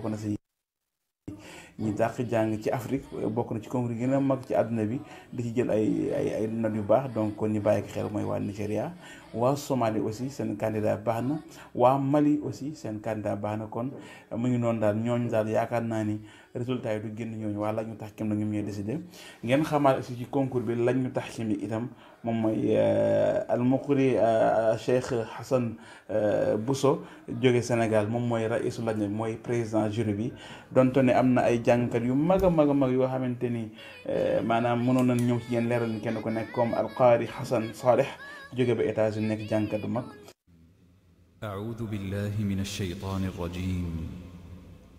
bokk na si ñi dàq jàng ci Afrique bokk na ci concours yi mag ci àdduna bi di ci jël ay ay ay yu baax donc kon ñu bàyyi xel mooy waa Nigéria waa somali aussi seen candidat baax na waa Mali aussi seen candidat baax na kon mu ngi noon daal ñooñu daal yaakaar naa ni. résultat yi du génn ñooñu waa lañu taxkim la ñoom ñooy décidé ngeen xamaal aussi ci concours bi lañu taxkim bi itam moom mooy euh, al muqri euh, Cheikh Hassan euh, Bousso jóge Sénégal moom mooy raisu mooy président jury bi donte ne am na ay jàngkat yu mag a mag a mag yoo xamante ni maanaam mënoon nañ ñëw ci yéen leeral ñu kenn ku nekk comme al qaari Hassan Saleh joge ba États-Unis nekk jàngkat bu mag. أعوذ بالله من الشيطان الرجيم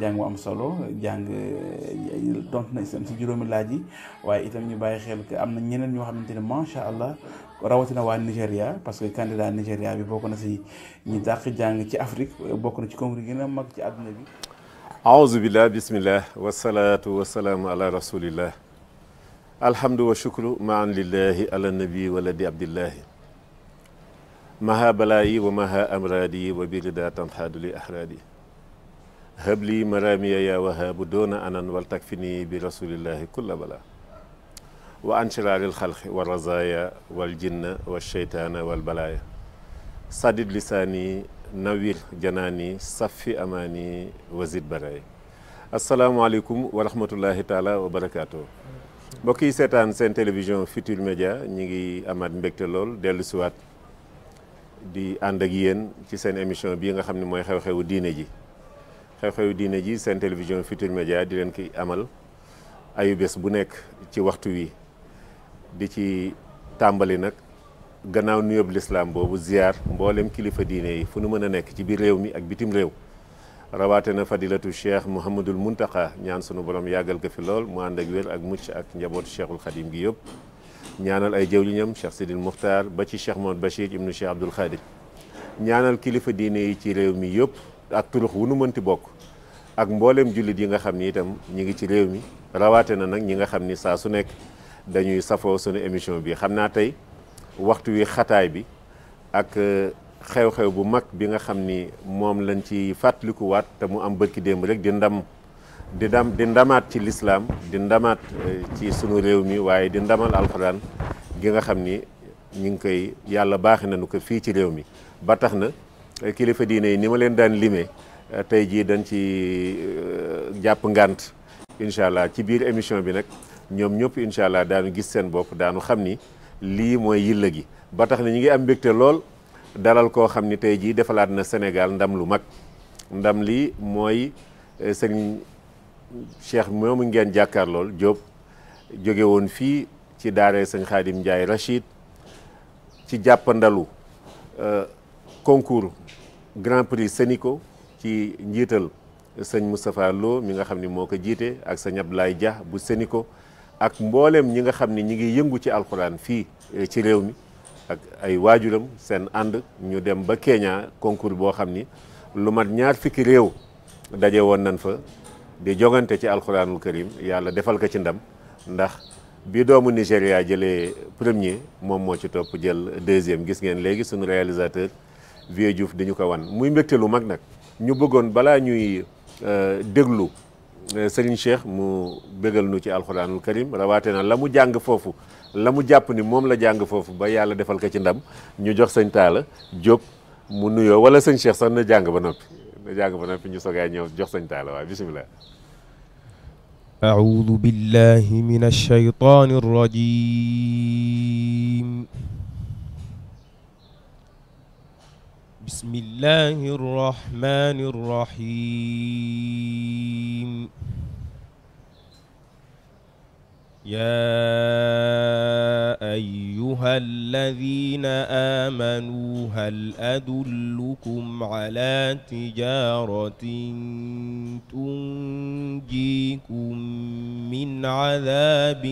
jàng mu am solo jàng tontu nañ seen si juróomi laaj yi waaye itam ñu bàyyi xel que am na ñeneen ñoo xamante ne macha allah rawatina waa Nigéria parce que candidat Nigéria bi bokk na si ñu dàq jàng ci Afrique bokk na ci congrès gën a mag ci àdduna bi. aouzubillah bismillah wasalaatu wasalaamu ala rasulillah alhamdu wa shukru maan lillahi li ahraadi habli maramiya ya wahaabu doona anan wal takfini bi rasulillahi kulla bala wa an shiraaril xalqi wa razaya wal jinna wa sheytaana wal balaaya sadid lisaani nawir janaani safi amaani wazid baraay asalaamaaleykum wa rahmatullahi taala wa barakaatu mbokk yi seetaan seen télévision Futurs Médias ñi ngi amaat mbégte lool dellu siwaat di àndak ak ci seen émission bii nga xam ni mooy xew-xewu diine ji xew-xewu diine ji seen télévision Futurs Médias di leen ki amal ayu bés bu nekk ci waxtu wi di ci tàmbali nag gannaaw nuyoob lislaam boobu ziar mboolem kilifa diine yi fu nu mën a nekk ci biir réew mi ak bitim réew rawaate na fadilatu cheikh mouhamadul muntaka ñaan sunu borom yàggal ko fi lool mu ànd ak wér ak mucc ak njabootu cheikhul xadim gi yëpp ñaanal ay jëwliñam cheikh sidil muxtaar ba ci cheikh mohamad bachir ibnu cheikh abdul xaadir ñaanal kilifa diine ci réew mi yëpp ak turux wu nu mënti bokk ak mbooleem jullit yi nga xam ni itam ñi ngi ci réew mi rawaate na nag ñi nga xam ni saa su nekk dañuy safoo sunu émission bi xam naa tey waxtu wi xataay bi ak euh, xew-xew bu mag bi nga xam ni moom lañ ci fàttalikuwaat te mu am bërki démb rek di ndam di ndamaat ci lislaam di ndamaat euh, ci sunu réew mi waaye di ndamal alxuraan gi nga xam ni ñu ngi koy yàlla baaxe nañu ko fii ci réew mi ba tax na Eh, kilifa diine yi ni ma leen daan lime eh, tey jii dañ ci eh, jàpp ngànt incha allah ci biir émission bi nag ñoom ñëpp incha allah daanu gis seen bopp daanu xam ni lii mooy yilla gi ba tax na ñu ngi am mbégte lool dalal koo xam ni tey jii defalaat na Sénégal ndam lu mag ndam li mooy sëñ Cheikh moomu ngeen jàkkaar lool Diop jóge woon fii ci daaree sëñ Xaadim Ndiaye Rachid ci jàppandalu concours grand prix Senico ci njiital sëñ Moustapha Lo mi nga xam ni moo ko jiite ak sëñ Abdoulaye Dia bu Senico ak mbooleem ñi nga xam ni ñi ngi yëngu ci alxuraan fii eh, ci réew mi ak ay waajuram seen ànd ñu dem ba Kenya concours boo xam ni lu mat ñaar fukki réew daje woon nañ fa di jogante ci alxuraanul karim yàlla defal ko ci ndam ndax bi doomu Nigéria jëlee premier moom moo ci topp jël deuxième gis ngeen léegi sunu réalisateur Vieux Diouf di ñu ko wan muy mbégte lu mag nag ñu bëggoon balaa ñuy euh, déglu euh, Serigne Cheikh mu bégal nu ci alxuraanul karim rawaate na la mu jàng foofu la mu jàpp ni moom la jàng foofu ba yàlla defal ko ci ndam ñu jox sëñ Talla Diop mu nuyoo wala sëñ Cheikh sax na jàng ba noppi na jàng ba noppi ñu sogaay ñëw jox sëñ Talla waaye bisimilah. أعوذ بالله من الشيطان الرجيم بسم الله الرحمن الرحيم يا أيها الذين آمنوا هل أدلكم على تجارة تنجيكم من عذاب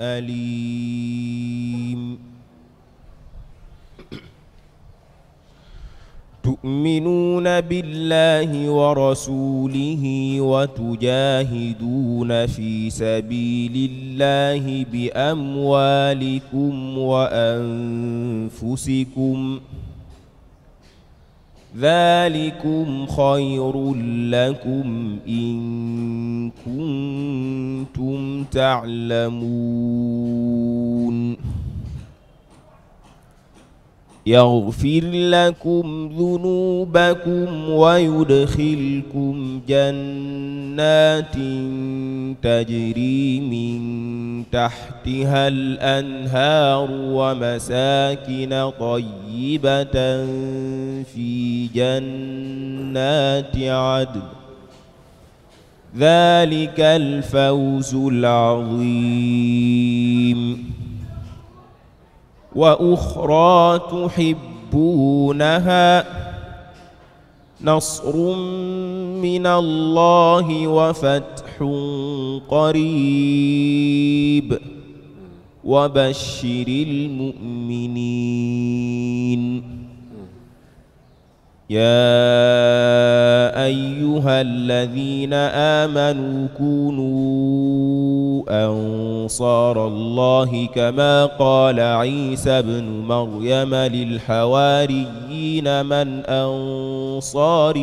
أليم تؤمنون بالله ورسوله وتجاهدون في سبيل الله بأموالكم وأنفسكم ذلكم خير لكم إن كنتم تعلمون يغفر لكم ذنوبكم ويدخلكم جنات تجري من تحتها الأنهار ومساكن طيبة في جنات عدن ذلك الفوز العظيم وأخرى تحبونها نصر من الله وفتح قريب وبشر المؤمنين يا أيها الذين آمنوا كونوا أنصار الله كما قال عيسى ابن مريم للحواريين من أنصاري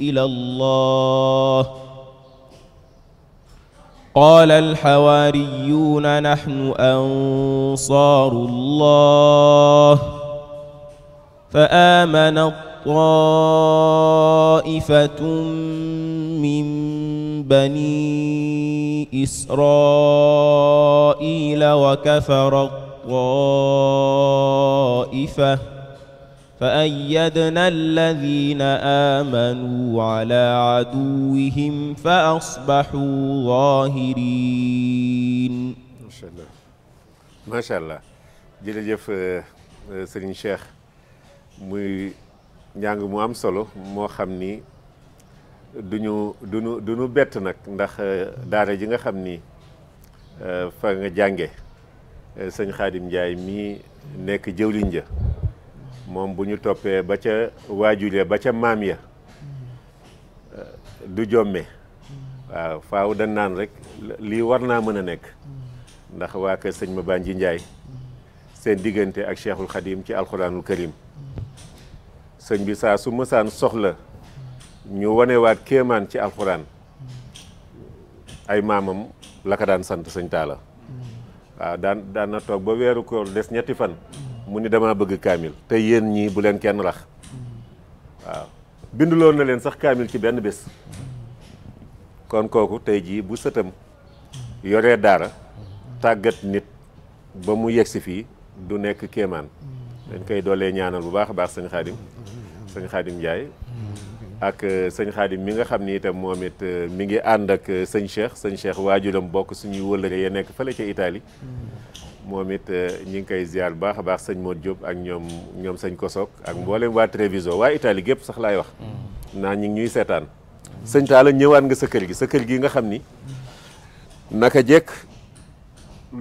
إلى الله قال الحواريون نحن أنصار الله فآمنت طائفة من بني إسرائيل وكفرت طائفة فأيدنا الذين آمنوا على عدوهم فأصبحوا ظاهرين ما شاء الله ما شاء الله jërëjëf Serigne Cheikh muy njàng mu am solo moo xam ni duñu duñu duñu bett nag ndax euh, daara ji nga xam ni euh, fa nga jànge euh, sëñ Xaadim Njaay mii nekk jëwliñ ja moom bu ñu toppee ba ca waajur ba ca maam ya du jomme waaw faaw dañ naan rek lii war naa mën a nekk ndax waa kër sëñ bànji Njaay seen diggante ak Cheikhul Xadim ci alxuraanul karim sëñ bi saa su mësaan soxla ñu wonewaat kéemaan ci alxuraan ay maamam la ko daan sant sëñ Talla waaw daan daan na toog ba weeru koor des ñetti fan mu ni damaa bëgg kaamil te yéen ñii bu leen kenn rax waaw binduloon na leen sax kaamil ci benn bés kon kooku tey jii bu sëtam yore daara tàggat nit ba mu yegsi fii du nekk kéemaan dañ koy doolee ñaanal bu baax a baax sëñ Xaadim sëñ Xaadim Ndiaye. ak euh, sëñ Xaadim mi nga xam ni itam moom it euh, mi ngi ànd ak euh, sëñ Cheikh sëñ Cheikh waajuram bokk suñuy wëllëre ya nekk fële ca Italie. moom it ñi ngi koy ziar bu baax a baax sëñ Modou Diop ak ñoom ñoom sëñ Kosook ak mboolem waa Treviso waa itali gépp sax laay wax. naa ñu ngi ñuy seetaan. sëñ Talla ñëwaat nga sa kër gi sa kër gi nga xam ni naka jekk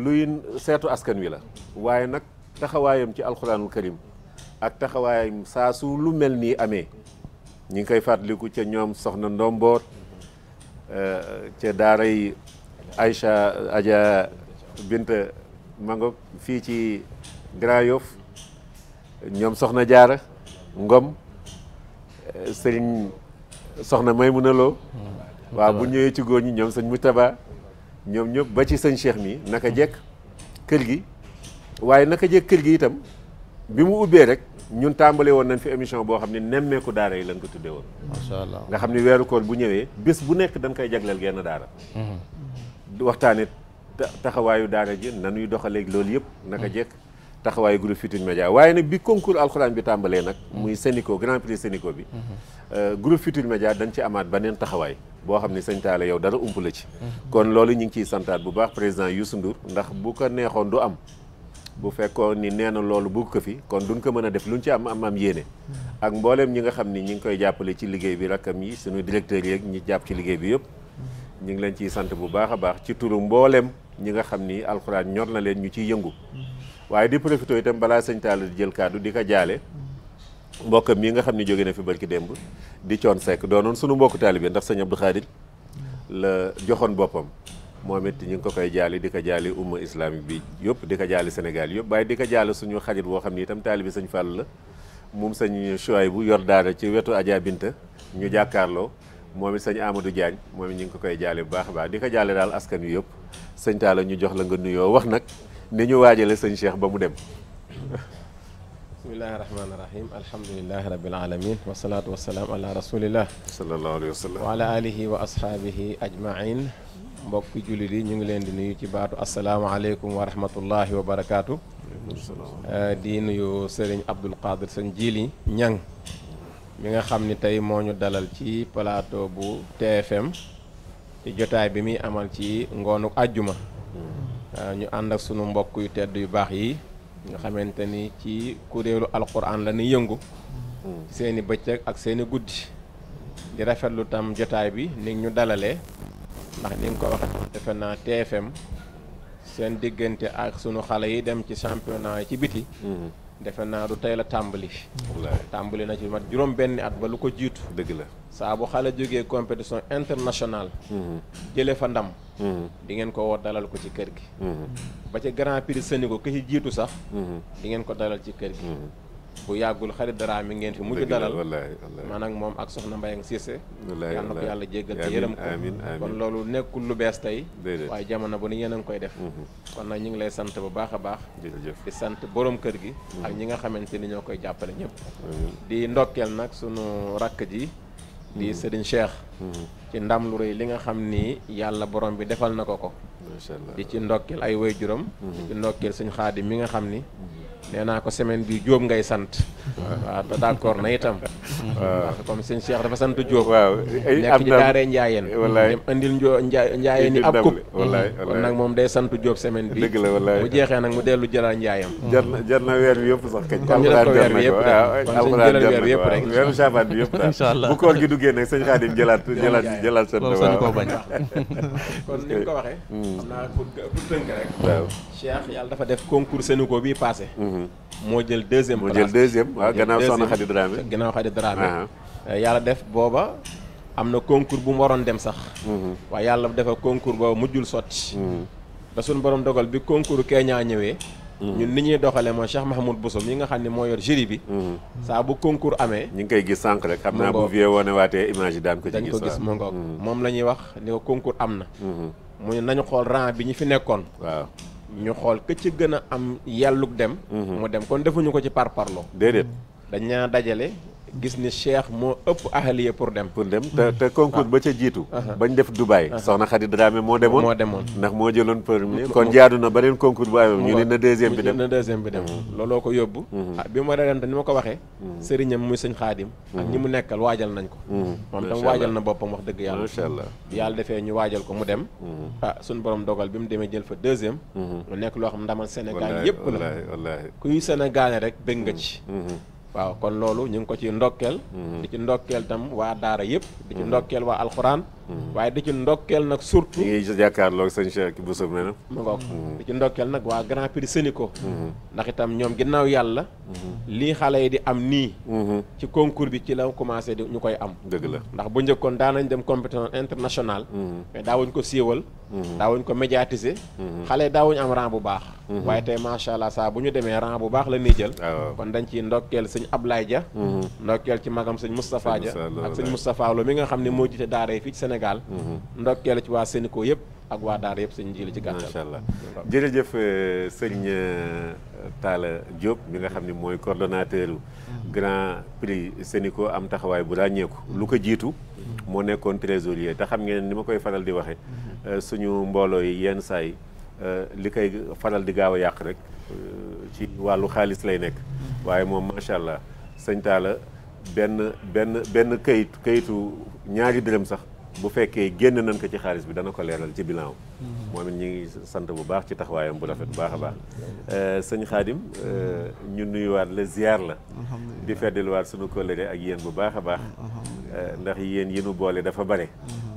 luy seetu askan wi la waaye nag taxawaayam ci alxuraanul karim ak taxawaay saa su lu mel nii amee ñu ngi koy fàttaliku ca ñoom soxna ndomboot eh, ca daaray Aïcha Adja Binta Mangop fii ci Grand Yoff ñoom soxna jaara ngom eh, sëriñ soxna Maymuna Lo mm. waa bu ñëwee ci góor ñi ñoom sëñ Mutaba ñoom ñëpp ba ci sëñ Cheikh mi naka jekk kër gi waaye naka jekk kër gi itam bi mu ubbee rek ñun tàmbale woon nañ fi émission boo xam ne nemmeeku daara yi lañ ko tuddee woon. macha nga xam ne weeru koor bu ñëwee bis bu nekk dañ koy jagleel genn daara. Mm-hmm. waxtaanee taxawaayu daara ji nanuy doxaleeg loolu yëpp. naka mm-hmm. jekk taxawaayu groupe Futurs Médias waaye nag bi concours alxuraan bi tàmbalee nag. Mm-hmm. muy Sénico grand prix Sénico bi. Euh, groupe Futurs Médias dañ ci amaat beneen taxawaay. boo xam ne sëñ Talla yow dara ump la ci. kon loolu ñu ngi ciy santaat bu baax président Youssou Ndour ndax bu ko neexoon du am. bu fekkoon ni nee na loolu bëgg ko fi kon duñ ko mën a def lu luñ ci am am am yéene. ak mbooleem ñi nga xam ni ñi ngi koy jàppale ci liggéey bi rakkam yi suñu directeurs yeeg ñi jàpp ci liggéey bi yëpp. ñu ngi leen ciy sant bu baax a baax ci turu mbooleem ñi nga xam ni alxuraan ñor na leen ñu ciy yëngu. waaye di profité itam balaa sëñ Talla di jël kàddu di ko jaale. mbokkam mi nga xam ni jóge na fi barki démb di coon sekk doonoon sunu mbokku taalibe ndax sëñ Abdou Khadir la joxoon boppam. moom it ñu ngi ko koy jaali di ko jaali umma islamique bi yëpp di ko jaali Sénégal yëpp waaye di ko jaali suñu xarit boo xam ni itam taalibi sëñ Fall la moom sañ Chouay bu yor daal ci wetu Adja Binta ñu jàkkaarloo moom it sëñ Amadou Diagne moom it ñu ngi ko koy jaali bu baax a baax di ko jaali daal askan wi yëpp sëñ Talla ñu jox la nga nuyoo wax nag ni ñu waajale sañ Cheikh ba mu dem bismillahi rahmaani rahim alhamdulilahi rabil alamin wasalaatu wasalaam ala rasulillah sallallahu alayhi wa sallam mbokk fi jullit yi ñu ngi leen di nuyu ci baatu asalaamaaleykum wa rahmatullahi wa barakaatu. Euh, di nuyu sëriñ Abdul Qadir sëñ Jili Ñang mi nga xam ni tey moo ñu dalal ci plateau bu TFM ci jotaay bi muy amal ci ngoonu àjjuma euh, ñu ànd ak sunu mbokk yu tedd yu baax yi nga xamante ni ci kuréelu alquran la ñuy yëngu mm. seeni bëccëg ak seeni guddi di rafetlu tam jotaay bi ni ñu dalalee ndax ni nga ko waxee woon defe naa TFM seen diggante ak sunu xale yi dem ci championnat yi ci biti. Mm-hmm. defe naa du tey la tàmbali. tàmbali na ci mat juróom benn at ba lu ko jiitu. dëgg la saabu xale jógee compétition internationale. Mm-hmm. jële fa ndam. Mm-hmm. di ngeen ko woo dalal ko ci kër gi. ba ca Grand Prix Sénégal ki ci jiitu sax. di ngeen ko dalal ci kër gi. bu yàggul xarit dara mi ngeen fi mujj dalal maanaam moom ak soxna Mbayang Cissé yal na ko yàlla jéggal te yërëm ko kon loolu nekkul lu bees tey waaye jamono bu ni yéen a ngi koy def mhm. kon nag ñu ngi lay sant bu baax a baax di sant boroom kër gi mhm. ak ñi nga xamante ni ñoo koy jàppale ñëpp di ndokkeel nag sunu rakk ji di mhm. Serigne Cheikh ci ndam lu rëy li nga xam ni yàlla borom bi defal na ko ko di ci ndokkeel ay way juróom mm-hmm. di ci ndokkeel sëñ xaadim mi nga xam ni nee naa ko semaine bi jóob ngay sant mm-hmm. waaw te d'accord na itam ndax comme sëñ Cheikh dafa sant jóob waaw nekk ci daaree njaayeen dem indil njaayeen yi ab kub mm-hmm. kon nag moom day sant jóob semaine bi dëgg la wallaay jeexee nag mu dellu jëlaat njaayam jar na jar na weer bi yëpp sax kañ kon ñu ko weer bi yëpp rek jëlal weer bi yëpp rek bu koor gi duggee nag sëñ xaadim jëlaat jëlaat jëlaat seen loolu sañu koo bañ kon ni nga ko waxee hmm. xam naa pour tënk rek waaw Cheikh yàlla dafa def concours Sénégal bii passé hmm. moo jël deuxième moo jël deuxième waaw gannaaw soxna Khady Dramé gannaaw Khady Dramé ah. euh, yàlla def booba am na concours bu mu waroon dem sax hmm. waaye yàlla dafa concours booba mujjul sotti da suñu borom dogal bi concours Kenya ñëwee Mm. ñun ni ñuy doxale mooy Cheikh Mahmoud Bousso mi nga xam ne moo yor jury bi mm. saa bu concours amee ñu ngi koy gis sànq rek xam naa bu vie woone waatee image yi daan ko ci gis ko mm. moom la ñuy wax ni ko concours am na mm-hmm. mu ne nañu xool ran bi ñu fi nekkoon ñu xool ka ci gën a am yàllug dem mm-hmm. mu dem kon defuñu ko ci par parparloo déedéet dañ ñaa dajale gis ni cheikh moo ëpp ahaliya pour dem pour dem te te concours ba ca jiitu ah. uh-huh. bañ def Dubaï uh-huh. soxna Khady Dramé moo demoon moo demoon ndax moo jëloon premier kon jaadu na beneen concours bu amee ñu ne na dem na deuxième bi dem looloo ko yóbbu mm-hmm. ah, bi ma dem te ni ma ko waxee mm-hmm. sëriñam muy sëñ Xaadim mm-hmm. ak ñi mu nekkal waajal nañ ko moom tam waajal na boppam wax dëgg yàlla macha allah bi yàlla defee ñu waajal ko mu dem ah suñu borom dogal bi mu demee jël fa deuxième mu nekk loo xam ndamal Sénégal yëpp la kuy Sénégal rek bëgg nga ci waaw kon loolu ñu ngi ko ci ndokkeel mm-hmm. di ci ndokkeel tam waa daara yëpp di ci ndokkeel wa alxuraan Mm-hmm. waaye di ci ndokkeel nag surtout. ñu ngi jàkkaarloog sëñ Cheikh Bousso nee na. Mm-hmm. mu ngoog mm-hmm. di ci ndokkeel nag waa Grand Prix Senico. ndax ñoom ginnaaw yàlla. lii xale yi di am nii. ci concours bi ci la commencé di ñu koy am. dëgg la ndax bu njëkkoon daa nañ dem compétition internationale. mais daawuñ ko siiwal. daawuñ ko médiatiser. xale yi daawuñ am rang bu baax. waaye tey macha allah saa bu ñu demee rang bu baax la ñuy jël. Ah, kon dañ ciy ndokkeel sëñ Ablaye Dia. ndokkeel ci magam sëñ Moustapha Dia. ak sëñ Moustapha Lo mi nga Sénégal. Mm-hmm. ndokkee la ci waa Sénégal yëpp ak waa daar yëpp sëñ jili ci gàttal. macha allah jërëjëf euh, sëñ euh, Talla Diop bi nga xam ni mooy coordonnateur mm-hmm. grand prix Sénico am taxawaay bu ràññeeku. Mm-hmm. lu ko jiitu moo nekkoon trésorier te xam ngeen ni ma koy faral di waxee euh, suñu mbooloo yi yenn saa yi li koy faral di gaaw a yàq rek ci wàllu xaalis lay nekk. waaye moom macha allah sëñ Talla benn benn benn kayitu kayitu ñaari dërëm sax. bu fekkee génn nañ ko ci xaalis bi dana ko leeral ci bilan moom it ñu ngi sant bu baax ci taxawaayam bu rafet bu baax a baax euh, sëñ Xaadim euh, ñu nuyuwaat la ziar la di feddilwaat suñu collègue ak yéen bu baax a baax euh, ndax yéen yi nu boole dafa bare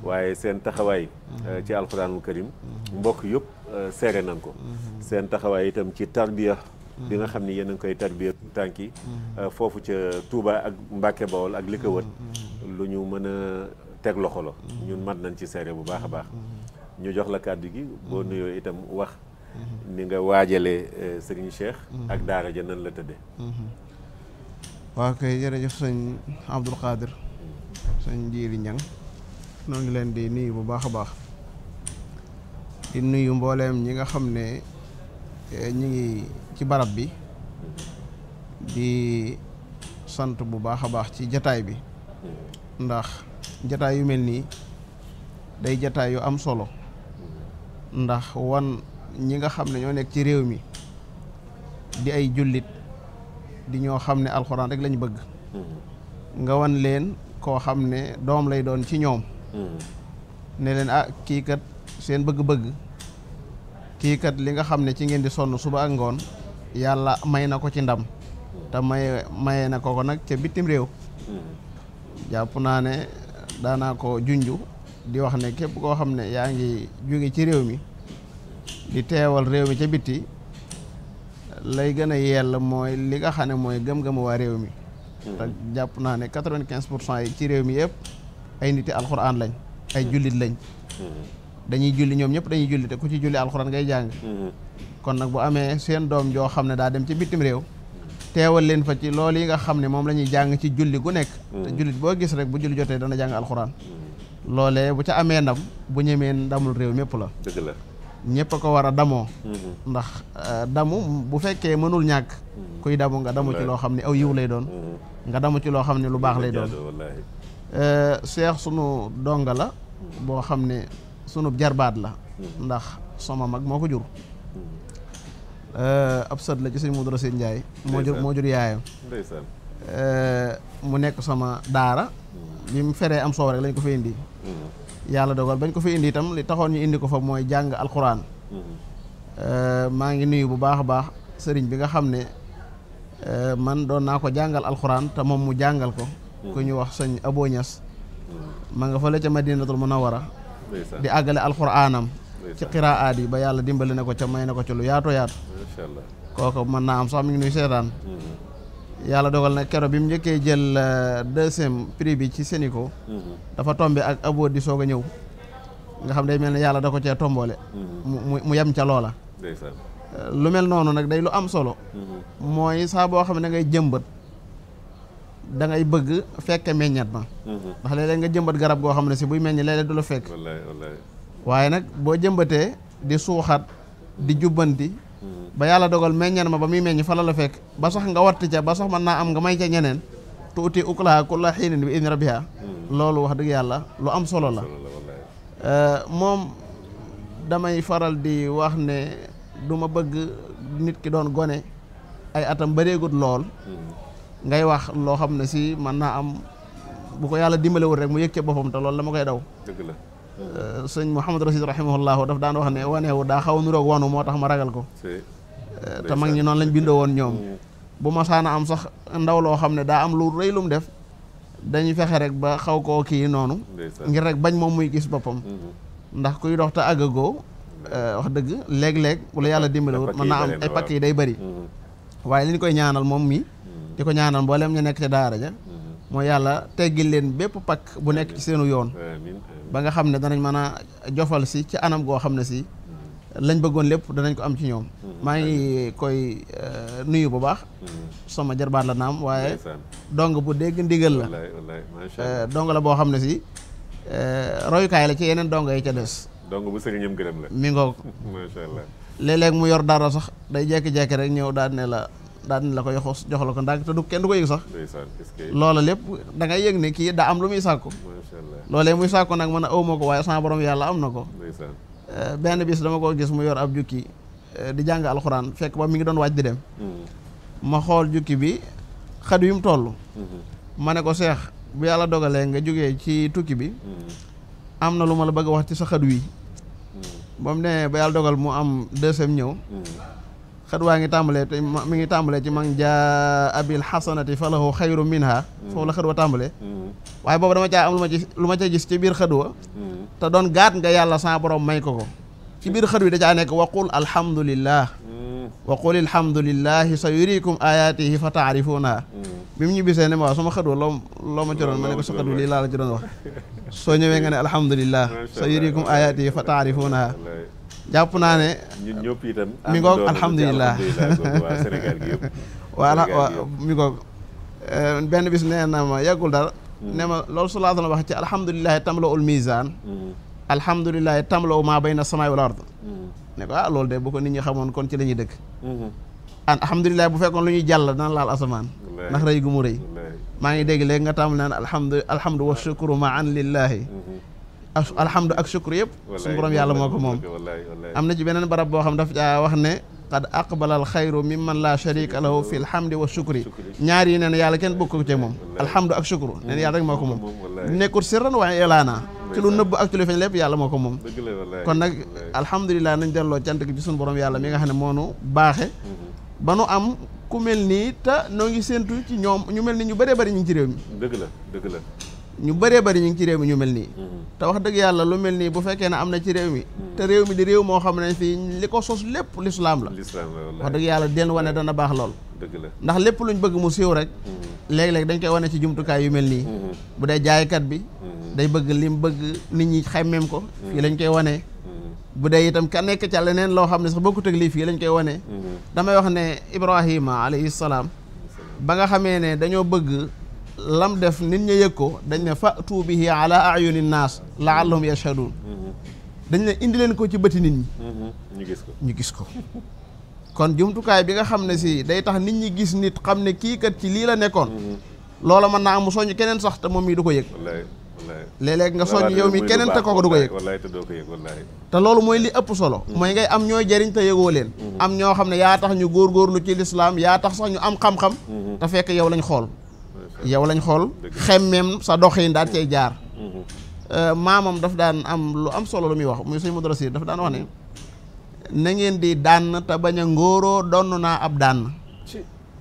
waaye seen taxawaay ci alxuraanul karim mbokk yëpp seere nañ ko seen taxawaay itam ci tarbiya bi nga xam ni yéen a ngi koy tarbiya tànki foofu ca Touba ak Mbàkke Bawol ak li lu ñu mën a teg loxo la ñun mat nañ ci seere bu baax a baax ñu jox la kàddu gi boo nuyoo itam wax ni nga waajalee euh, sëriñ Cheikh ak daara ja nan la tëddee waaw kay jërëjëf sëñ Abdul Qadir sëñ Jiili Ñang noo ngi leen di nuyu bu baax a baax di nuyu mbooleem ñi nga xam ne eh, ñi ngi ci barab bi di sant bu baax a baax ci jataay bi ndax jataay yu mel nii day jataay yu am solo ndax wan ñi nga xam ne ñoo nekk ci réew mi di ay jullit di ñoo xam ne alxuraan rekk lañu bëgg mm-hmm. nga wan leen koo xam ne doom lay doon ci ñoom mm-hmm. ne leen ah kii kat seen bëgg-bëgg kii kat li nga xam ne ci ngeen di sonn suba ak ngoon yàlla may na ko ci ndam te may maye na ko ko nag ca bitim réew mm-hmm. jàpp naa ne daanaa ko junju di wax ne képp koo xam ne yaa ngi jóge ci réew mi di teewal réew mi ca bitti lay gën a yell mooy li nga xam ne mooy gëm-gëmu waa réew mi hmm. te jàpp naa ne quatre vingt pour cent yi ci réew mi yëpp ay niti alxuraan lañ ay hmm. jullit lañ hmm. dañuy julli ñoom ñëpp dañuy julli ku ci julli alxuraan ngay jàng kon nag bu amee seen doom joo xam ne daa dem ci bitim réew teewal leen fa ci loolu yi nga xam ne moom la ñuy jàng ci julli gu nekk mm. te jullit boo gis rek bu julli jotee dana jàng alxuraan loolee bu ca amee ndam bu ñemee ndamul réew mépp la dëgg a ko war a damoo mm-hmm. ndax euh, damu bu fekkee mënul ñàkk mm-hmm. kuy damu nga damu ci loo xam ni aw yiw lay doon mm-hmm. nga damu ci loo xam ne lu baax lay doon euh, seex sunu donga la mm. boo xam ne sunu jarbaat la mm. ndax sama mag moo ko jur Euh, ab sët la ci sëñ Ndiaye moo jur moo jur euh, nekk sama daara mm. bi mu feree am soow lañ ko fi indi mm. yàlla dogal bañ ko fi indi li taxoon ñu indi ko fa mooy jàng alxuraan mm-hmm. euh, maa ngi nuyu bu baax a baax sëriñ bi nga xam ne man doon naa ko jàngal alxuraan te moom mu jàngal ko ku ñu wax sëñ Abo Niass mm. ma nga fa la ca Madinatul Munawwara di àggale alxuraanam ci qiraat yi ba yàlla dimbali ne ko ca may na ko ca lu yaato yaatu incha mën naa am sax mi ngi nuy seetaan mm-hmm. yàlla dogal na kero bi mu njëkkee jël euh, deuxième prix bi ci Sénico mm-hmm. dafa tombe ak abóot di soog a ñëw nga xam day mel ne yàlla da ko cee tomboole mm-hmm. mu mu yem ca loola euh, lu mel noonu nag day lu am solo mooy saa boo xam ne da ngay jëmbat da ngay bëgg fekke meññet ma ndax léeg-léeg nga jëmbat garab goo xam ne si buy meññ léeg-léeg du la fekk waaye nag boo jëmbatee di suuxat di jubbanti ba yàlla dogal meññan ma ba muy meññ fa la fekk ba sax nga watt ca ba sax mën naa am nga may ca ñeneen tuuti ukulaha kulla xiinin bi idni rabbiha hmm. loolu wax dëgg yàlla lu am solo la eh, moom damay faral di wax ne du ma bëgg nit ki doon gone ay atam bareegut lool hmm. ngay wax loo xam ne si mën naa am bu ko yàlla dimbalewul rek mu yëg ca boppam te loolu la ma koy daw Euh, sëñ Mouhamad Rachid rahimahullahu daf daan wax ne waneewu daa xaw a nuroog wanu moo tax ma ragal ko euh, te mag ñi noonu lañ bindoo woon ñoom mm. bu ma saana am sax ndaw loo xam ne daa am lu rëy lu mu def dañuy fexe rek ba xaw koo kii noonu ngir rek bañ moom muy gis boppam mm-hmm. ndax kuy dox te àggagoo euh, wax dëgg léeg-léeg wala yàlla dimbalewul mën naa am ay pakk yi day bëri mm-hmm. waaye li ñu koy ñaanal moom mi di ko ñaanal mboolem ñu nekk ca daara ja mm-hmm. mooy yàlla teggi leen bépp pakk bu nekk ci seenu yoon ba nga xam ne danañ mën a jofal si ci anam goo xam ne si lañ bëggoon lépp danañ ko am ci ñoom mm-hmm. maa ngi koy euh, nuyu bu baax mm-hmm. sama jarbaat la naam waaye dong bu dégg ndigal la euh, dong la boo xam ne si euh, royukaay la ci yeneen dong yi ca des dong bu sëriñam gërëm la mi ngoog léeg mu yor dara sax day jekki-jekki rek ñëw daal la daan la koy xos jox la ko ndànk te du kenn du ko yëg sax loola lépp dangay ngay ni kii daa am lu muy sàkku loolee muy sàkku nag mën a aw ma ko waaye sama borom yàlla am na ko eh, benn bis dama koo gis mu yor ab jukki eh, di jàng alxuraan fekk ba mi ngi doon waaj di dem hmm. ma xool jukki bi xad wi mu toll hmm. ma ne ko seex bu yàlla dogalee nga jógee ci tukki bi hmm. am na lu ma la bëgg a wax ci sa xad wi ba mu ne ba yàlla dogal mu am deuxième ñëw xat waa ngi tàmbalee te mi ngi tàmbalee ci man jaa abil xasanati falahu xayru minha mm. foofu la xat wa tàmbalee mm. waaye boobu dama caa am lu ma ci lu ma ca gis ci biir xat wa mm. te doon gaat nga yàlla sa borom may ko ci biir xat wi da caa nekk waqul alhamdulillah waqul alhamdulillahi sa yurikum ayatihi fa taarifunaha bi mu ñu bisee ne ma waaw sama xat wa loo loo ma ci doon ma ne ko sa xat wi lii laa la ci doon wax soo ñëwee nga ne alhamdulillah sa yurikum ayatihi fa taarifunaha jàpp naa ne. mi ngoog alhamdulilah waa Sénégal mi ngoog euh, benn bis nee na ma yàggul dara. Hmm. ne ma loolu su laa doon wax ci alhamdulilah tamla ul mizaan. Hmm. alhamdulilah tamla maa bayna na wal ard. Hmm. ne ko ah loolu de bu ko nit ñi xamoon kon ci la ñuy dëkk. an alhamdulilah bu fekkoon lu ñuy jàll dana laal asamaan. ndax rëy gu mu rëy. maa ngi dégg léegi nga tàmm naan alhamdu alhamdu wa shukru ma an lillahi alhamdu ak shukru yëpp suñu borom yàlla moo ko moom am na ci beneen barab boo xam dafa caa wax ne qad aqbala al xayru man laa sharika lahu fi lhamdi wa shukri ñaar yi nee na yàlla kenn bokk ci moom alhamdu ak shukru nee na yàlla rek moo ko moom nekkul sirran waaye ilaana ci lu nëbb ak ci moo ko moom kon nag alhamdulilah nañ delloo cant gi ci suñu borom yàlla mi nga xam ne moo nu baaxe mm-hmm. ba nu am ku mel nii te noo ngi séentu ci ñoom ñu mel ni ñu bëree bëri ñu ngi ci réew la dëgg ñu bëree bari ñu ngi ci réew mi ñu mel nii mm-hmm. te wax dëgg yàlla lu mel nii bu fekkee ne am na ci réew mi mm-hmm. te réew mi di réew moo xam ne fii li ko sos lépp lislaam la wax dëgg yàlla den wane dana baax lool ndax lépp luñ bëgg mu siiw rek mm-hmm. léeg-léeg dañ koy wane ci jumtukaay yu mel nii bu dee jaaykat bi day bëgg lim bëgg nit ñi xemmeem ko fii lañ koy wane bu dee itam ka nekk ca leneen loo xam ne sax bokkut teg lii fii lañ koy wane damay wax ne Ibrahima alayhi salaam ba nga xamee ne dañoo bëgg lam def nit ña yëg ko dañ ne fa fa'tu bihi ala ayuni naas laallahum yashhadun dañ ne indi leen ko ci bëti nit ñi ñu gis ko kon jumtukaay bi nga xam ne si day tax nit ñi gis nit xam ne kii kat ci lii la nekkoon loola mën naa am mu soññ keneen sax te moom mii du ko yëg léeg-léeg nga soññ yow mi keneen te ko du ko yëg te loolu mooy li ëpp solo mm-hmm. mooy ngay am ñooy jëriñ te yëgoo leen mm-hmm. am ñoo xam ne yaa tax ñu góor góorgóorlu ci lislaam yaa tax sax ñu am xam mm-hmm. te fekk yow lañ xool yow lañ xool xemmeem sa doxin daal cay jaar mhm. euh, maamam daf daan am lu am solo lu muy wax muy sëñ Modou Rassir daf daan wax ne na ngeen di dànn te bañ ngóoroo donn naa ab dànn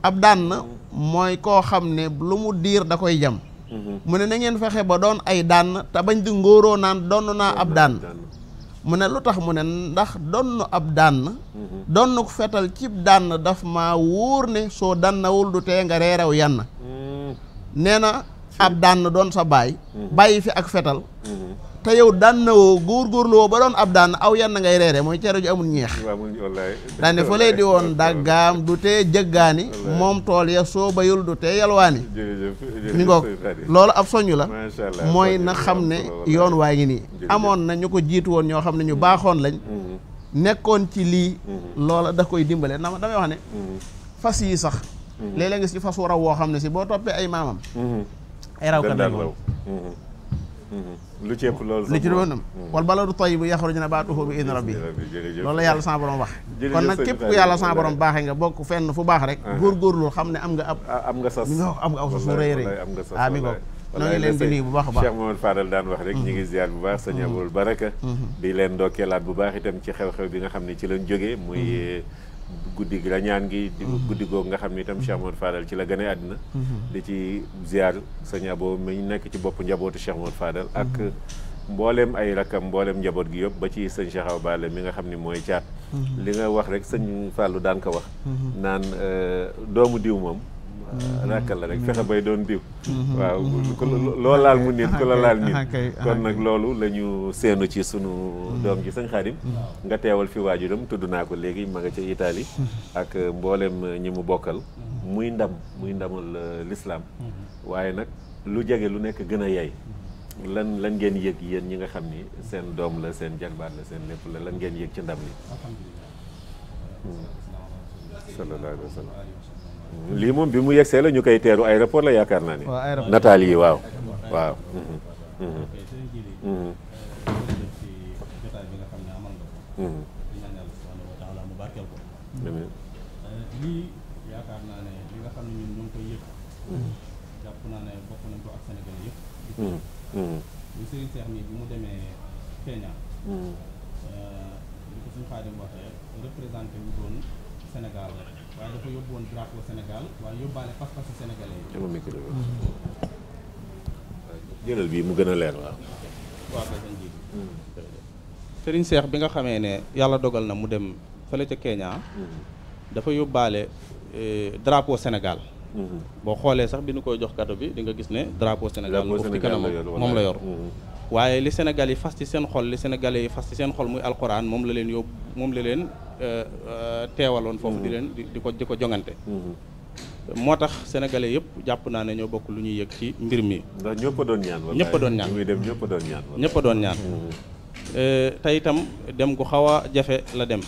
ab dànn mooy koo xam ne lu mu diir da koy jam mhm. mu ne na ngeen fexe ba doon ay dànn te bañ di ngóoroo naan donn naa ab dànn mu ne lu tax mu ne ndax donn ab dànn donn ko fetal cib dànn daf ma wóor ne soo dànnawul du tee nga reeraw yann mm. nee na ab dànn doon sa baay mm-hmm. bàyyi fi ak fetal mm-hmm. te yow daan na woo góor woo ba doon ab daan aw yan ngay reere mooy cere ju amul ñeex daan ne fa lay di woon dàggaam du tee jëggaani moom tool ya soo bayul du te yalwaani mi ngoog loolu ab soñu la mooy na xam ne yoon waa ngi nii amoon na ñu ko jiitu woon ñoo xam ne ñu baaxoon lañ mm-hmm. nekkoon ci lii mm-hmm. loola da koy dimbale na damay wax ne mm-hmm. fas yi sax léeg-léeg nga si fas wu raw woo xam ne si boo toppee ay maamam ay raw kat lañ lu ci ëpp loolu li ci doonam hmm. wal baladu tayyibu yaxruju nabaatuhu bi idni rabbi loolu la yàlla san borom wax kon nag képp ku yàlla san borom baaxee nga bokk fenn fu baax rek ah. góorgóorlu xam ne am nga ab ah, am nga sas am nga aw sas bu rëy rëy ah mi ko noo ngi leen di nuyu bu baax a baax Cheikh Mohamed Fadal daan wax rek ñu ngi hmm. ziar bu baax sëñ hmm. Aboul Baraka di leen ndokkeelaat bu baax itam ci xew-xew bi nga xam ne ci lañ jógee muy guddi gi la ñaan gi mm-hmm. guddi googu nga xam ni itam Cheikh Modou Fadal ci la gën a àddina mm-hmm. di ci ziar sëñ Abo mi nekk ci bopp njabootu Cheikh Modou ak mm-hmm. mbooleem ay rakkam mbooleem njaboot gi yëpp ba ci sañ Cheikh Awa Balla mi nga xam ni mooy caat li nga wax rek sañ Fallou daan ko wax naan euh, doomu diw moom Ah, nakal la rek fexe bay doon diw mm-hmm. waaw mm-hmm. loo laal mu nit ku la laal nit ah, ah, kon nag loolu lañu seenu ci sunu mm-hmm. doom ji sëñ Xaadim nga teewal fi waajuram tudd naa ko léegi ma nga itali ak uh, mboolem uh, ñi mu bokkal muy ndam muy ndamal uh, lislaam waaye nag lu jege lu nekk gën a yey lan lan ngeen yëg yéen ñi nga xam ni seen doom la seen jarbaat la seen lépp la lan ngeen yëg ci ndam li mm. sallallahu wa sallam lii moom bi mu yegsee la ñu koy teeru aéroport la yaakaar naa ne. waaw nataal yi waaw. waaw. lii yaakaar naa ne li nga xam ne ñun ñoo ngi koy yëg. naa ne bokk nañ nii bi mu demee Kenya. li doon Sénégal waaye dafa yóbbu woon drapeau Sénégal waaye yóbbaale pas-pasu bi. bii mu gën a leer waaw. waaw hmm. Serigne bi nga xamee ne yàlla dogal na mu dem fële ca Kenya. Hmm. dafa yóbbaale e, drapeau Sénégal. Hmm. boo xoolee sax bi nu koy jox kado bi di nga gis ne drapeau Sénégal. drapeau Sénégal moom la yor moom la yor. waaye li Sénégal yi fas ci seen xol li Sénégalais yi fas ci seen xol muy alxuraan moom la leen moom la leen euh, euh, teewaloon. foofu di mm-hmm. leen di ko di ko jongante. Mm-hmm. moo tax sénégalais yëpp jàpp naa ne ñoo bokk lu ñuy yëg ci mbir mi. ndax ñëpp a doon ñaan wala ñëpp doon ñaan muy dem ñëpp a doon ñaan. ñëpp a doon ñaan. Mm-hmm. Euh, te itam dem gu xaw a jafe la dem.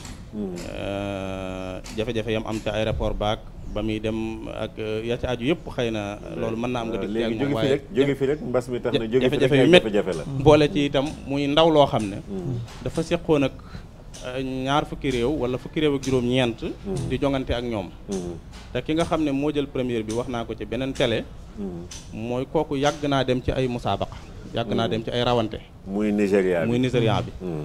jafe-jafe yam am te aéroport baak ba muy dem ak ya ca aju yëpp xëy na loolu mën naa am nga dëkk léegi jóge fi rek rek mbas mi tax na jóge fi jafe yu la mm-hmm. boole ci itam muy ndaw loo xam ne mm-hmm. dafa seqoon ak eh, ñaar fukki réew wala fukki réew ak juróom-ñeent mm-hmm. di jongante ak ñoom te ki nga xam ne moo jël première bi wax naa ko ci beneen télé mooy kooku yàgg naa dem ci ay musaabaqa yàgg naa dem ci ay rawante muy Nigéria bi muy bi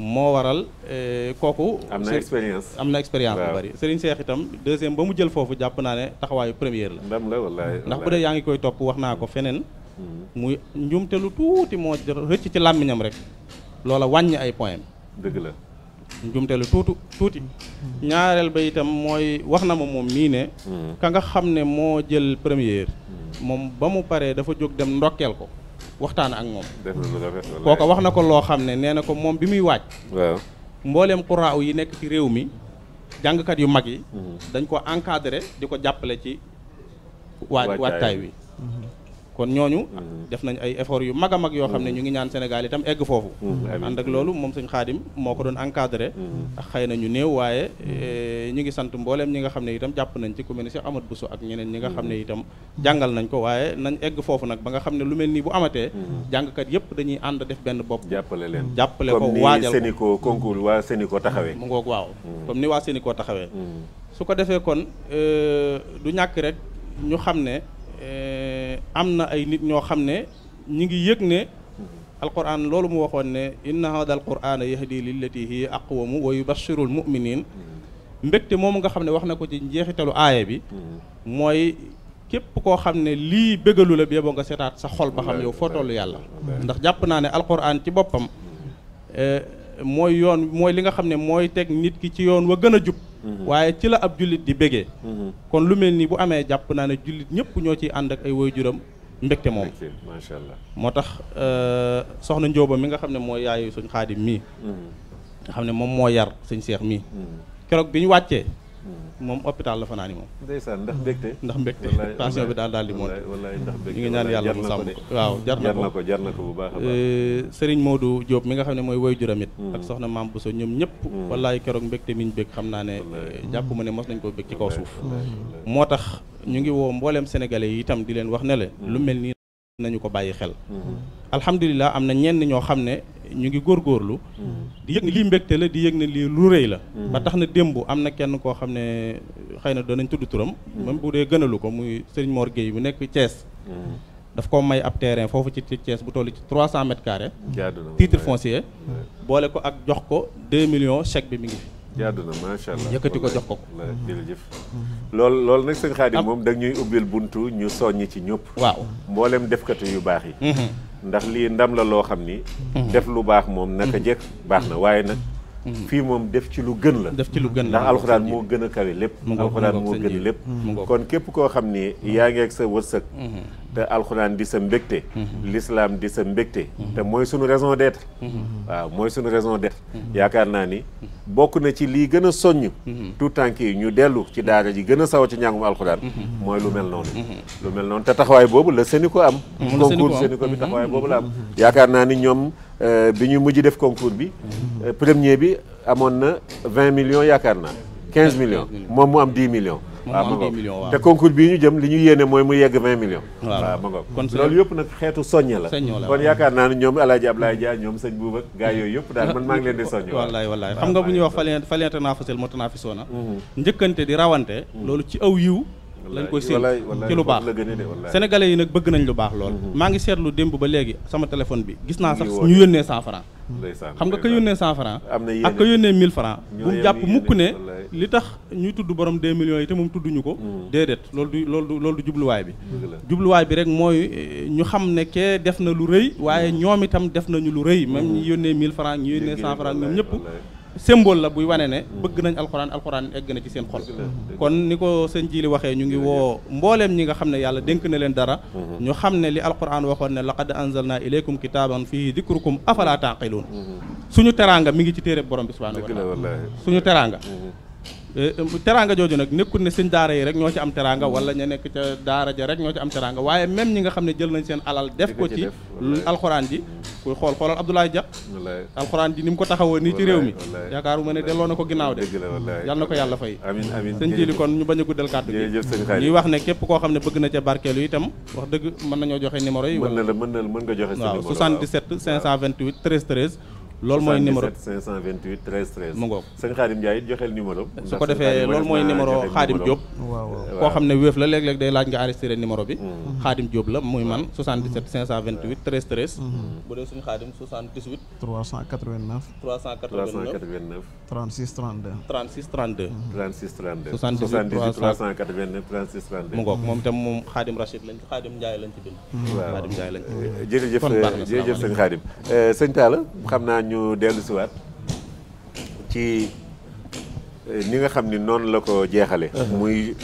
moo waral euh, kooku. am na expérience am na expérience bari. Serigne Cheikh itam deuxième ba mu jël foofu jàpp naa ne taxawaayu première la. ndam ndax bu dee yaa ngi koy topp wax naa ko feneen. Hmm. muy njuumte lu tuuti moo rëcc ci làmmiñam rek. loola wàññi ay points dëgg la. njumte lu tuutu tuuti ñaareel ba itam mooy wax na ma moom mii ne hmm. nga xam ne moo jël première hmm. moom ba mu paree dafa jóg dem ndokkeel ko waxtaan ak moom kooka wax na ko loo xam ne nee na ko moom bi muy waaj mbooleem xuraaw yi nekk ci réew mi jàngkat yu mag yi mhm. dañ ko encadré di ko jàppale ci waaj waajtaay wi kon ñooñu mm-hmm. def nañ ay effort yu mag a mag yoo xam ne mm-hmm. ñu ngi ñaan Sénégal itam egg foofu mm-hmm. ànd ak loolu moom sëñ xaadim moo ko doon encadré ak xëy na ñu néew waaye eh, ñu ngi sant mbooleem ñi nga xam ne itam jàpp nañ ci ku mel ni ak ñeneen ñi nga xam ne itam jàngal nañ ko waaye nañ egg foofu nag ba nga xam ne lu mel nii bu amatee jàngkat yëpp dañuy ànd def benn bopp jàppale leen jàppale ko waajal ko comme ni Sénico concours waa Sénico taxawee mu ngoog waaw comme ni waa Sénico taxawee su ko defee kon eh, du ñàkk rek ñu xam ne eh, am na ay nit ñoo xam ne ñi ngi yëg ne alquran loolu mu waxoon ne dal inna hada alqurana yahdi lillati hiya aqwamu wa yubashirul muminin mbégte moomu nga xam ne wax na ko ci njeexitalu aaya bi mooy képp koo xam ne lii bégalu la bee boo nga seetaat sax xol ba xam yow foo toll yàlla ndax jàpp naa ne alquran ci boppam eh, mooy yoon mooy li nga xam ne mooy teg nit ki ci yoon wa gën a jub mhm. waaye ci la ab jullit di bégee mhm. kon lu mel nii bu amee jàpp naa ne jullit ñëpp ñoo ciy ànd ak ay waajuram mbégte moom macha allah moo tax euh, soxna Njóoba mi nga xam ne mooy yaayu suñ xaadim mii mhm. nga xam ne moom moo yar suñ seex mii keroog bi ñu wàccee moom hôpital la fanaani moom ndeysaan ndax mbégte ndax mbégte tension bi daal daal di monte ñu ngi ñaan yàlla mu sàmm ko waaw jar na ko jar na ko bu baax eh, Serigne Modou Diop mi nga xam ne mooy woy juramit mm. ak soxna maam Bousso ñoom ñëpp mm. wallaay keroog mbégte mi bég xam naa ne eh, jàpp ma ne mos nañ koo bég ci kaw suuf moo tax ñu ngi woo mbooleem sénégalais yi tam di leen wax ne mm. lu mel nii nañu ko bàyyi xel mm-hmm. alhamdulilah am na ñenn ñoo xam ne ñu ngi góorgóorlu di yëg ne lii mbégte la di yëg na lii lu rëy la ba tax na démb am na kenn koo xam ne xëy na danañ tudd turam même bu dee gënalu ko muy Serigne Mor Gueye bu nekk Thiès daf ko may ab terrain foofu ci Thiès bu toll ci 300 mètres carrés titre foncier boole ko ak jox ko 2 millions chèque bi mi ngi fi jaadu na macha allah yëkkati ko jox ko jërëjëf loolu loolu nag sëñ Xaadim moom da ñuy ubbil buntu ñu soññ ci ñëpp waaw mboolem defkatu yu baax yi mm-hmm. ndax lii ndam la loo xam ni. Mhm. def lu baax moom naka mhm. jëkk baax na waaye nag. Mhm. fii moom def ci lu gën la. def ci lu gën la ndax alxuraan moo gën a kawe lépp. alxuraan moo gën lépp. kon képp koo xam ni yaa ngi ak sa wërsëg. Mhm. te alxuraan di sa mbégte. Mhm. l'islam di sa mbégte. te mooy sunu raison d'être. waaw mooy sunu raison d'être. yaakaar naa ni bokk na ci lii gën a soññ. tout tànk yi ñu dellu ci daara ji gën a saw ci njàngum alxuraan. mooy lu mel noonu. lu mel noonu te taxawaay boobu la Sénico am. moom la Sénico am bi taxawaay boobu la am. yaakaar naa Euh, bi ñu mujj def concours bi mhm. euh, premier bi amoon na vingt millions yaakaar naa quinze millions moom mu am dix millions waaw te concours bii ñu jëm li ñu yéene mooy mu yegg vingt millions waaw ma ngoog kon loolu yëpp nag xeetu soññe la kon yaakaar naa ne ñoom El Hadj Ablaye Dia ñoom sëñ Bouba ak gars yooyu yëpp daal man maa ngi leen di soññ wallaay wallaay xam nga bu ñuy wax falen falente naafasel moo tanaafisoona mhm. njëkkante di rawante mhm. loolu ci aw yiw lañ koy séen ci lu baax sénégalais yi nag bëgg nañ lu baax lool mm-hmm. maa ngi seetlu démb ba léegi sama téléphone bi gis naa sax ñu yónnee cent franc xam nga ka yónnee cent franc ak ka yónnee mille franc jàpp mukk ne li tax ñuy tudd borom deux millions yi te moom tudduñu ko mm-hmm. déedéet lool du loolu du jubluwaay bi jubluwaay bi rek mooy eh, ñu xam ne kee def na lu rëy waaye mm-hmm. ñoom itam def nañu lu rëy même ñu yónnee mill franc ñu yónnee cent franc ñoom ñëpp symbole la buy wane ne bëgg nañ alxuraan alxuraan egg na ci seen xol kon ni ko sëñ Jili waxee ñu ngi woo mbooleem ñi nga xam ne yàlla dénk na leen dara mhm. ñu xam ne li alxuraan waxoon ne laqad anzalna ilaykum kitaaban fii dikrukum afala taaqiluun mhm. suñu teraanga mi ngi ci téereb borom bi subhaanahu wa taala suñu teraanga mhm. Eh, eh, teraanga jooju nag nekkul ne sëñ daara yi rek ñoo ci am teraanga wala ña nekk ca daara ja rek ñoo ci am teraanga waaye même ñi nga xam ne jël nañ seen alal def ko ci alxuraan ji kuy xool xoolal Abdoulaye Dia alxuraan ji ni mu ko taxawoo nii ci réew mi yaakaaruma ne delloo na ko ginnaaw de yal ko yàlla fay amiin sëñ jili kon ñu bañ a kàddu gi ñuy wax ne képp koo xam ne bëgg na ca barkeelu itam wax dëgg mën nañoo joxe numéro yi waaw 77 528 13 13 loolu mooy numéro 528 13 13 mu ngoog sëñ Xaadim Ndiaye joxeel numéro su ko defee loolu mooy numéro Xaadim Diop koo xam ne wéef la léeg-léeg day laaj mm-hmm. muy man 77 528 13 Xaadim 78 389 mm-hmm. mu euh, xam naa ñu dellu siwaat ci eh, ni nga xam ni noonu la ko jeexale uh-huh. muy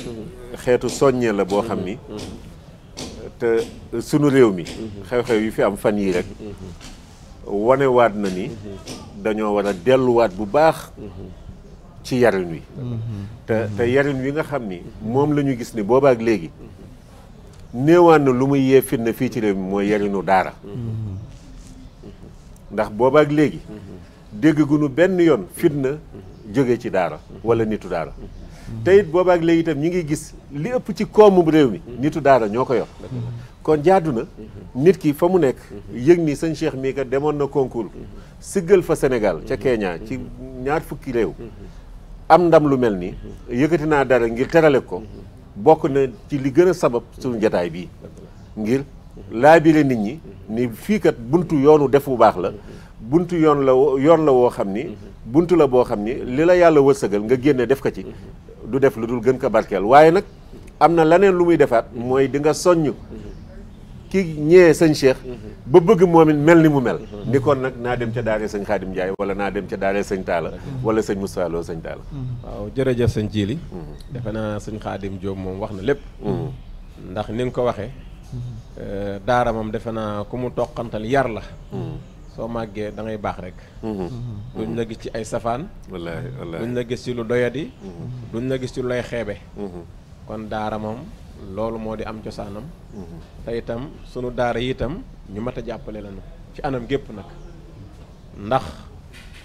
xeetu soññee la boo xam ni uh-huh. Uh-huh. te sunu réew mi xew-xew yi fi am fan yii rek wanewaat na ni dañoo wara a delluwaat bu baax ci yarin wi te te yarin wi nga xam ni moom lañu gis ni boobaak léegi néewaan na lu muy yee fitna fii ci réew mi mooy yarinu daara ndax boobaak léegi dégg gunu benn yoon fitna jóge ci daara wala nitu daara te it boobaak léegi itam ñi ngi gis li ëpp ci koomu réew mi nitu daara ñoo ko yor kon jaadu na nit ki fa mu nekk yëg ni sëñ Cheikh mii kat demoon na concours siggal fa Sénégal ca Kenya ci ñaar fukki réew am ndam lu mel ni yëkkati naa dara ngir terale ko bokk na ci li gën sabab suñu jataay bii ngir laabire nit ñi ni fiikat kat buntu yoonu def bu baax la buntu yoon la yoon la woo xam ni bunt la boo xam ni li la yàlla wërsëgal nga génne def ko ci du def lu dul gën ko barkeel waaye nag am na leneen lu muy defaat mooy dinga nga soññ ki ñëwee sañ Cheikh ba bëgg moom mel ni mu mel ni kon nag naa dem ca daaree sëñ Khadim Ndiaye wala naa dem ca daaree sëñ Talla wala sëñ Moussa Lo sëñ waaw jërëjëf sañ Jili defe naa sëñ Khadim Diop moom wax na lépp mm. ndax ni nga ko waxee Eh, daara moom defe naa ku mu toqantal yar la. soo màggee dangay ngay baax rek. duñ la gis ci ay safaan. wallaahi wallaahi duñ la gis ci lu doyadi. duñ la gis ci looy xeebe. Mhm. kon daara moom loolu moo di am cosaanam. Mhm. te itam sunu daara yi itam ñu mat a jàppale lañu ci anam gépp nag ndax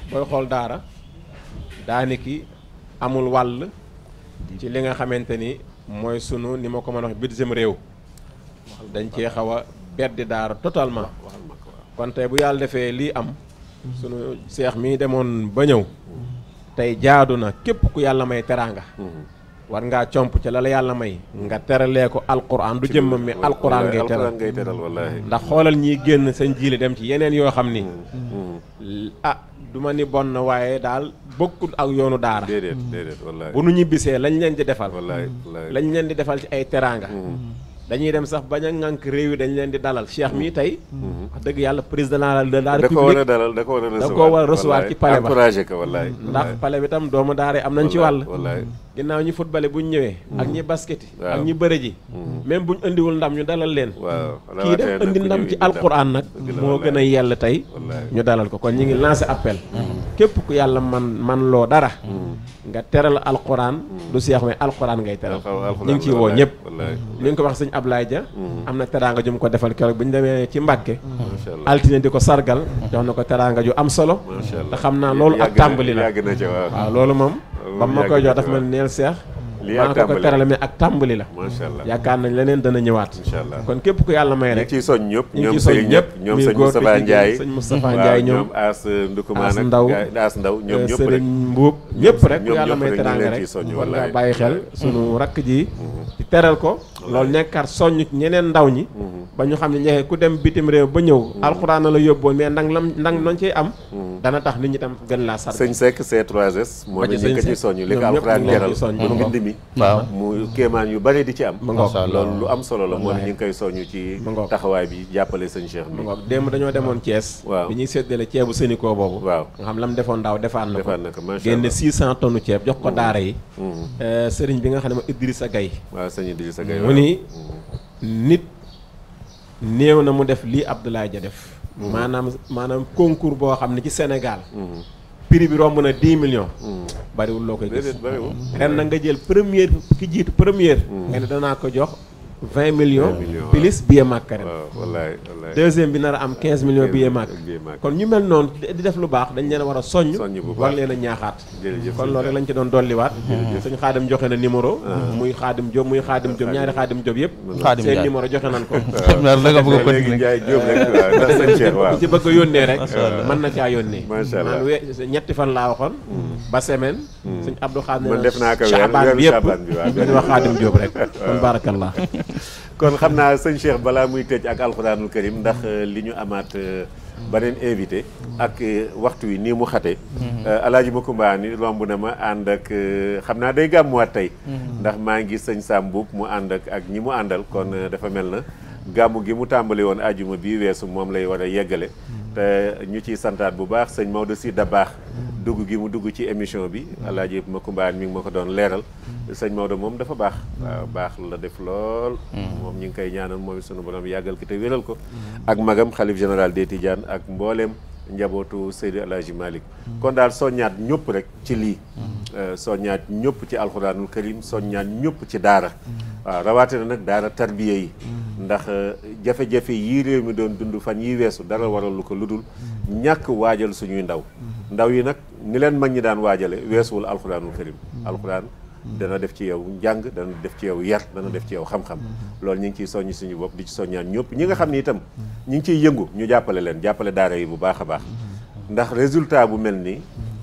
booy xool daara daaniki amul wàll ci li nga xamante ni mooy sunu ni ma ko ma a wax bitim réew. dañ cee xaw a beddi daara totalement kon tey bu yàlla defee lii am sunu seex mii demoon ba ñëw tey jaadu na képp ku yàlla may teraanga war ngaa comp ci lal yàlla may nga teralee ko alquran du jëmmam mi alquran ngay teral ndax xoolal ñiy génn sa njiile dem ci yeneen yoo xam ni a ah, du ma ni bon na waaye daal bokkul ak yoonu daara déedéet bu nu ñibbisee lañ leen di defal lañ leen di defal ci ay teraanga mm-hmm. dañuy dem sax bañ a réew yi dañu leen di dalal Cheikh mii tey. Mhm. dëgg yàlla président de la république da ko war a dalal da ko war a recevoir da ko a recevoir ci palais ba ndax palais bi tam doomu daaree am nañ ci wàll. ginnaaw ñi footballé bu ñu ñëwee. ak ñi basket ak ñi bëre ji. Mm-hmm. même bu ñu indiwul ndam ñu dalal leen. kii def indi ndam ci alquran nag. moo gën a yell tey. ñu dalal ko kon ñu ngi lancé appel. Mm-hmm. képp ku yàlla man man loo dara. Mm-hmm. nga teral alquran. lu seex mais alquran ngay teral. ñu ngi ciy woo ñëpp. ni nga ko wax sëñ Ablaye Dia. am na teraanga ju mu ko defal keroog bu ñu demee ci Mbàkke. altine di ko sargal. jox na ko teraanga ju am solo. te xam naa loolu ak tàmbali la waaw loolu moom ba ma koy jox daf ma neel seex lii ak tàmbali ko terale mais ak tàmbali la. macha allah yaakaar nañ leneen dana ñëwaat. incha allah kon képp ku yàlla may rek. ñu ciy soñ ñëpp ñoom sëriñ ñëpp ñoom sëñ Moustapha Ndiaye sëñ Moustapha Ndiaye ñoom As Ndukumaan ak Ndaw As Ndaw ñoom eh, ñëpp rek sëriñ Mbuub ñëpp rek ku yàlla may teraanga rek war nga bàyyi xel sunu mm-hmm. rakk ji ci mm-hmm. teral ko loolu nekkaat soññ ñeneen ndaw ñi mm-hmm. ba ñu xam ne ñeexee ku dem bitim réew ba ñëw alxuraan la yóbboon mais ndang lam ndang noonu ciy am dana tax nit ñi tam gën laa sar sëñ Seck C3S moom it ko ci soññ li ko alxuraan bi waaw mu kéemaan yu bari di ci am loolu lu am solo la moo ne ñu ngi koy soññu ci taxawaay bi jàppale sëñ Cheikh bi ngoog démb dañoo demoon Thiès waaw bi ñuy séddale ceebu Sénico boobu waaw nga xam lam defoon daaw defaat na ko génne 600 tonnes ceeb jox ko mm. daara yi mm. euh, sëriñ bi nga xam ne ma Idrissa Gaye waaw sëñ Idrissa Gaye mu ni nit néew na mu def lii Abdoulaye Ja def mm. maanaam maanaam concours boo xam ne ci Sénégal prix bi romb na 10 millions. Hmm. bariwul loo koy gis ren na nga jël première ki jiitu première. Hmm. nga ne danaa ko jox. 20 millions plus billet màkk ren deuxième bi nar am 15 millions billet kon ñu mel noonu di def lu baax dañ leen war a soññ war leen a ñaaxaat kon loolu rek lañ ci doon dolliwaat suñ xaadim joxe na numéro ah. muy xaadim Diop muy xaadim Diop ñaari xaadim joob yëpp seen numéro joxe nañ ko léegi Ndiaye Diop rek waaw ci bëgg a yónnee rek mën na caa yónnee man we ñetti fan laa waxoon mm. ba semaine mm. suñ Abdou Xaadim ne na Chaabaan bi yëpp dañu wax xaadim Diop rek kon baarakallah kon xam naa sëñ Cheikh balaa muy tëj ak alxuraanul karim ndax euh, li ñu amaat euh, beneen invité ak euh, waxtu wi nii mu xate alaaji Makumba ni romb na ma ànd ak xam naa day gàmmuwaat tey ndax maa ngi sëñ Samboub mu ànd ak ak ñi mu àndal kon dafa mel na gàmmu gi mu tàmbali woon ajuma bii weesu moom lay war a yeggale te ñu ciy santaat bu baax sëñ Maodo si da baax dugg gi mu dugg ci émission bi ma Makumba mi ngi ma ko doon leeral sëñ Maodo moom dafa baax waaw baax la def lool moom ñu ngi koy ñaanal moom sunu borom yàggal ki te wéral ko ak magam xalif général des Tidianes ak mbooleem njabootu Seydi El Hadji kon daal soññaat ñëpp rek ci lii euh, soññaat ñëpp ci alxuraanul karim soññaat ñëpp ci daara waaw rawatina nag daara tarbiya yi ndax euh, jafe-jafe yii réew mi doon dund fan yi weesu dara waral lu ko ludul ñàkk waajal suñuy ndaw ndaw yi nag ni leen mag ñi daan waajale weesuwul alxuraanul karim alxuraan dana def ci yow njàng dana def ci yow yar dana def ci yow xam-xam mm-hmm. loolu ñu ngi ciy soññ suñu bopp di ci soññaan ñëpp ñi nga xam ni itam mm-hmm. ñu ngi ciy yëngu ñu jàppale leen jàppale daara yi bu baax a baax mm-hmm. ndax résultat bu mel ni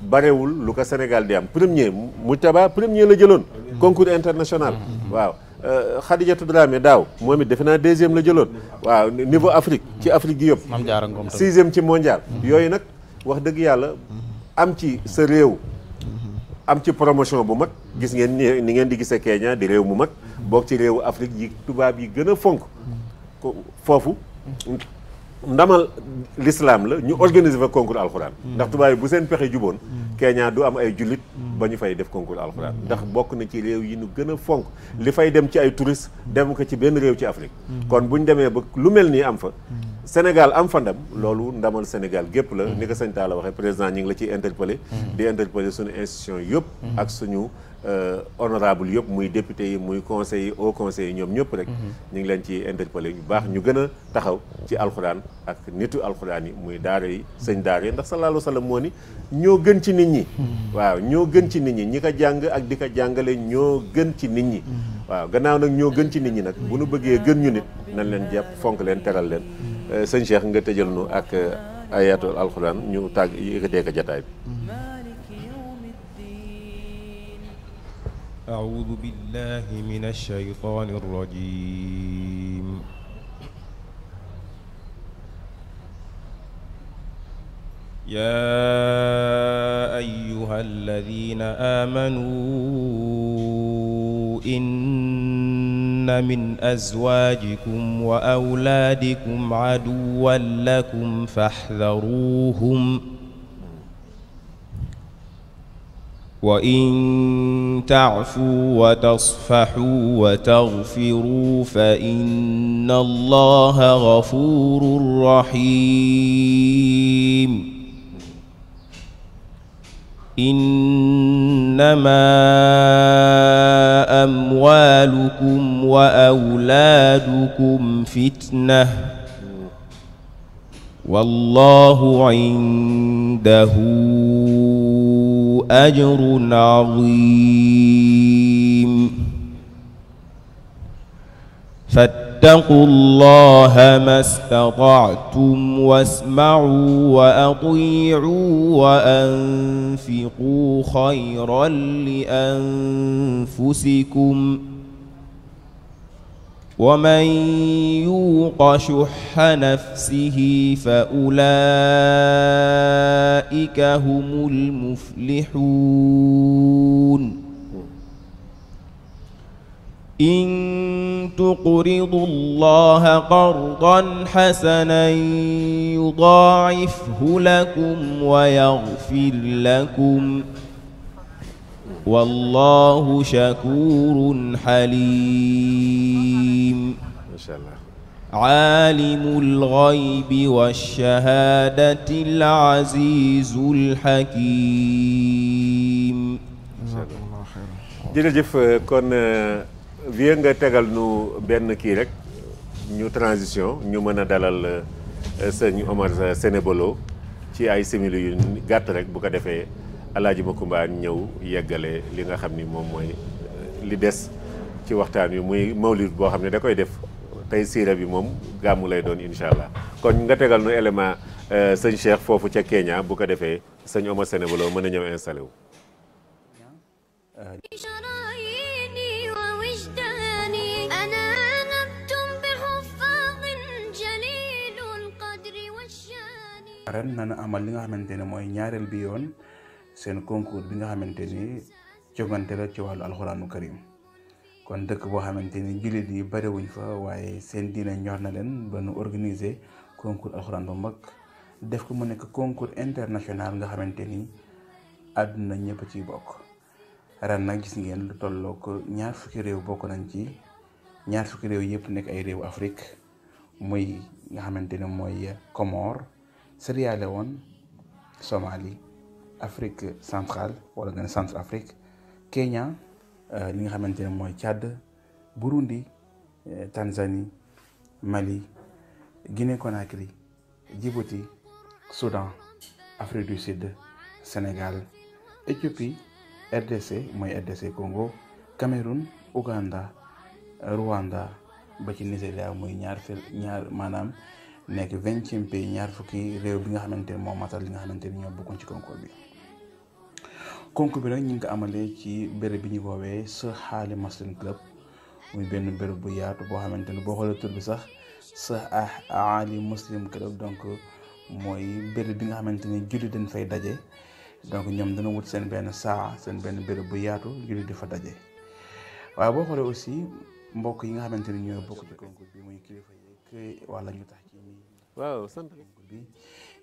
barewul lu ko Sénégal di am premier Moujtaba premier la jëloon concours international waaw euh, Khadijatou Dramé daaw moom it defe naa deuxième la jëloon waaw niveau Afrique ci Afrique gi yëpp Mame Diarra Ngom sixième ci mondial yooyu nag wax dëgg yàlla am ci sa réew am ci bu mag gis ngeen ni ngeen di gisee Kenya di réew mu mag bokk ci réewu Afrique yi tubaab yi gën a fonk ko foofu ndamal lislaam la ñu organiser fa concours alxuraan ndax tubaab yi bu seen pexe juboon Kenya du am ay jullit ba ñu fay def concours alxuraan ndax bokk na ci réew yi ñu gën a fonk li fay dem ci ay touristes dem ko ci benn réew ci Afrique kon bu ñu demee ba lu mel nii am fa Sénégal am fa ndam loolu ndamal Sénégal gépp la ni ko sëñ Talla waxee président ñi ngi la ciy interpellé di interpellé suñu institution yëpp ak suñu Euh, honorable yëpp muy député yi muy conseil yi au conseil yi ñoom ñëpp rek mhm. ñu ngi leen ci interpellé bu baax ñu gën a taxaw ci alxuraan ak nitu alxuraan yi muy daara yi sëñ daara yi ndax sallallahu alayhi wasallam moo ni ñoo gën ci nit ñi mhm. waaw ñoo gën ci nit ñi ñi ko jàng ak di ko jàngale ñoo gën ci nit ñi mhm. waaw gannaaw nag ñoo gën ci nit ñi nag bu nu bëggee gën ñu nit nañ leen jàpp fonk leen teral leen euh, sëñ Cheikh nga tëjal nu ak euh, ayatul alxuraan ñu tàgg yëkkatee ko jataay bi أعوذ بالله من الشيطان الرجيم يا أيها الذين آمنوا إن من أزواجكم وأولادكم عدوا لكم فاحذروهم ۖ وإن تعفوا وتصفحوا وتغفروا فإن الله غفور رحيم إنما أموالكم وأولادكم فتنة والله عنده أجر عظيم فاتقوا الله ما استطعتم واسمعوا وأطيعوا وأنفقوا خيرا لأنفسكم ومن يوق شح نفسه فأولئك هم المفلحون إن تقرضوا الله قرضا حسنا يضاعفه لكم ويغفر لكم ۖ wallahu shakurun halim aalimul ghaybi wash-shahaadatil aziizul hakiim jërëjëf kon vie euh, nga tegal nu benn kii rek ñu transition ñu mën a dalal euh, sëñ Omar Sénébolo ci ay simili yu gàtt rek bu ko defee ji alaaji Makumba ñëw yeggale li nga xam ni moom mooy euh, li des ci waxtaan wi muy mawlid boo xam ne da koy def tey siira bi moom gàmmu lay doon incha allah kon nga tegal nu élément euh, sëñ Cheikh foofu ca Kenya bu ko defee sëñ Omar Sene mën a ñëw installé wu ren li nga xamante ne mooy ñaareel bi seen concours bi nga xamante ni jogante la ci wax wàllu alxuraanu karim kon dëkk boo xamante ni jullit yi bariwuñ fa waaye seen diina ñor na leen ba nu organiser concours alxuraan bu mag def ko mu nekk concours international nga xamante ni àdduna ñëpp ciy bokk ren nag gis ngeen lu tollook ñaar fukki réew bokk nañ ci ñaar fukki réew yëpp nekk ay réew Afrique muy nga xamante ni mooy Comores Sierra Leone Somalie Afrique centrale wala nga ne centre Afrique Kenya euh, li nga xamante ne mooy Tchad Burundi euh, Tanzanie Mali Guinée Conakry Djibouti Soudan Afrique du Sud Sénégal Éthiopie RDC mooy RDC Congo Cameroun Ouganda Rwanda ba ci Nigeria mooy ñaar fël ñaar maanaam nekk vingtième pays ñaar fukki réew bi nga xamante ne moo matal li nga xamante ni ñoo bokkoon ci concours bi. concours bi nag ñu ngi ko amalee ci béréb bi ñu woowee Sir Haile Muslim Club muy benn béréb bu yaatu boo xamante ni boo xoolee tur bi sax Sir Haile Muslim Club donc mooy béréb bi nga xamante ni jullit dañ fay daje donc ñoom dana wut seen benn saa seen benn béréb bu yaatu jullit di fa daje waaye boo xoolee aussi mbokk yi nga xamante ni ñoo bokk ci bi muy kilifa yi wala ñu tax ci. waaw sant bi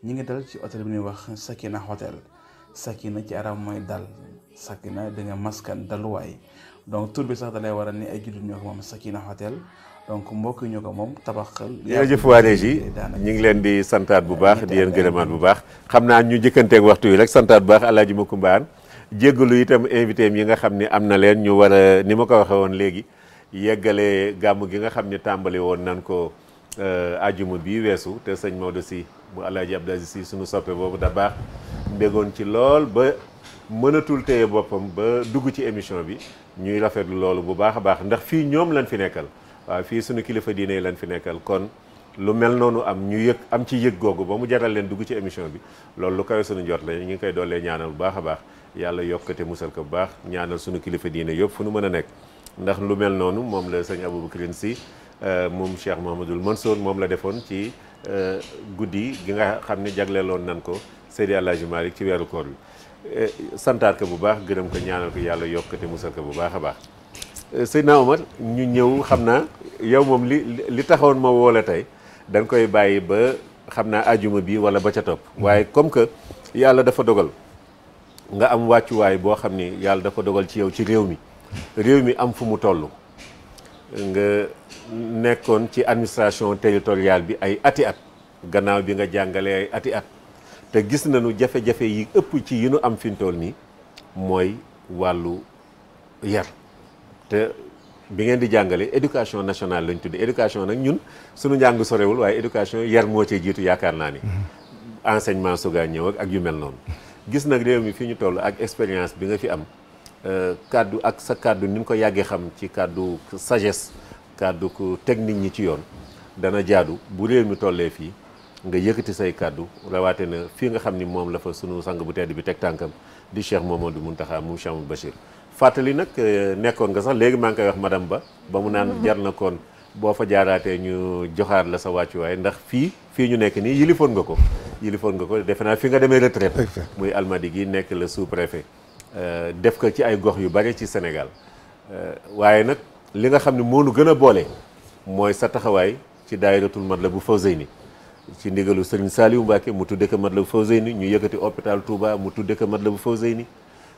ñu ngi dal ci hôtel bi ñuy wax Sakina Hotel. sakina ci arab mooy dal sakina da maskan daluwaay donc tur bi sax da lay waral ni ay jullit ñoo ko moom sakina hôtel donc mbokk ñu ko moom tabax tabaxal. jërëjëf waa Régie ñu ngi leen di santaat bu baax di leen gërëmaat bu baax xam naa ñu njëkkanteeg waxtu yi rek santaat bu baax alaaji Makumbaan jéggalu itam invité yi nga xam ne am na leen ñu war a ni ma ko waxee woon léegi yeggale gàmm gi nga xam ne tàmbali woon nan ko ajuma euh, bii weesu te sëñ Maodo si mu alaaji Abdou Aziz si suñu soppe boobu da baax bégoon ci lool ba mënatul téye boppam ba dugg ci émission bi ñuy rafet loolu bu baax a baax ndax fii ñoom lañ fi nekkal waaw fii suñu kilifa diine lañ fi nekkal kon lu mel noonu am ñu yëg am ci yëg googu ba mu jaral leen dugg ci émission bi loolu lu kawe suñu jot la ñu koy doolee ñaanal bu baax a baax yàlla yokkate musal ko bu baax ñaanal suñu kilifa diine yëpp fu nu mën a nekk ndax lu mel noonu moom la sëñ Aboubacrine Sy euh, moom Cheikh Mouhamadoul Mansour moom la defoon ci euh, guddi gi nga xam ne jagleeloon nan ko Seydi El Hadji Malick ci weeru koor bi eh, santaat ko bu baax gërëm ko ñaanal ko yàlla yokk te musal ko bu baax a baax eh, Seydina Omar ñu ñëw xam naa yow moom li li taxawoon ma woole tey dañ koy bàyyi ba xam naa ajuma bi wala ba ca topp mm-hmm. waaye comme que yàlla dafa dogal nga am wàccuwaay boo xam ni yàlla dafa dogal ci yow ci réew mi réew mi am fu mu toll nga nekkoon ci administration territoriale bi ay ati at gannaaw bi nga jàngale ay ati at te gis nañu jafe-jafe yi ëpp ci yi nu am fi mu toll nii mooy wàllu yar te bi ngeen di jàngale éducation nationale lañ tudde éducation nag ñun sunu njàng sorewul waaye éducation yar moo cee jiitu yaakaar naa ni mm-hmm. enseignement soga ñëw ak yu mel noonu gis nag réew mi fi ñu toll ak expérience bi nga fi am euh, kàddu ak sa kàddu ni nga ko yàggee xam ci kàddu sagesse kàddu technique teg ñi ci yoon dana jaadu bu réew mi tollee fii nga yëkkati say kàddu rawaate na fii nga xam ni moom la fa sunu sang bu tedd bi teg tànkam di Cheikh Mamadou Mountakha mu Cheikh Bachir fàttali nag eh, nekkoon nga sax léegi maa ngi koy wax madame Ba ba mu naan jar na koon boo fa jaaraatee ñu joxaat la sa wàccuwaay ndax fii fii ñu nekk nii yilifoon nga ko yilifoon nga ko defe naa fi nga demee retraite muy Almadi gi nekk la sous-préfet eh, def ko ci ay gox yu bari ci Sénégal eh, waaye nag li nga xam ne moo nu gën a boole mooy sa taxawaay ci daayiratul Matlabul Fawzayni ci ndigalu sëriñ Saliou Mbacke mu tudde ko Matlaboul Fawzeyni ñu yëkkati hôpital Touba mu tudde ko Matlaboul Fawzeyni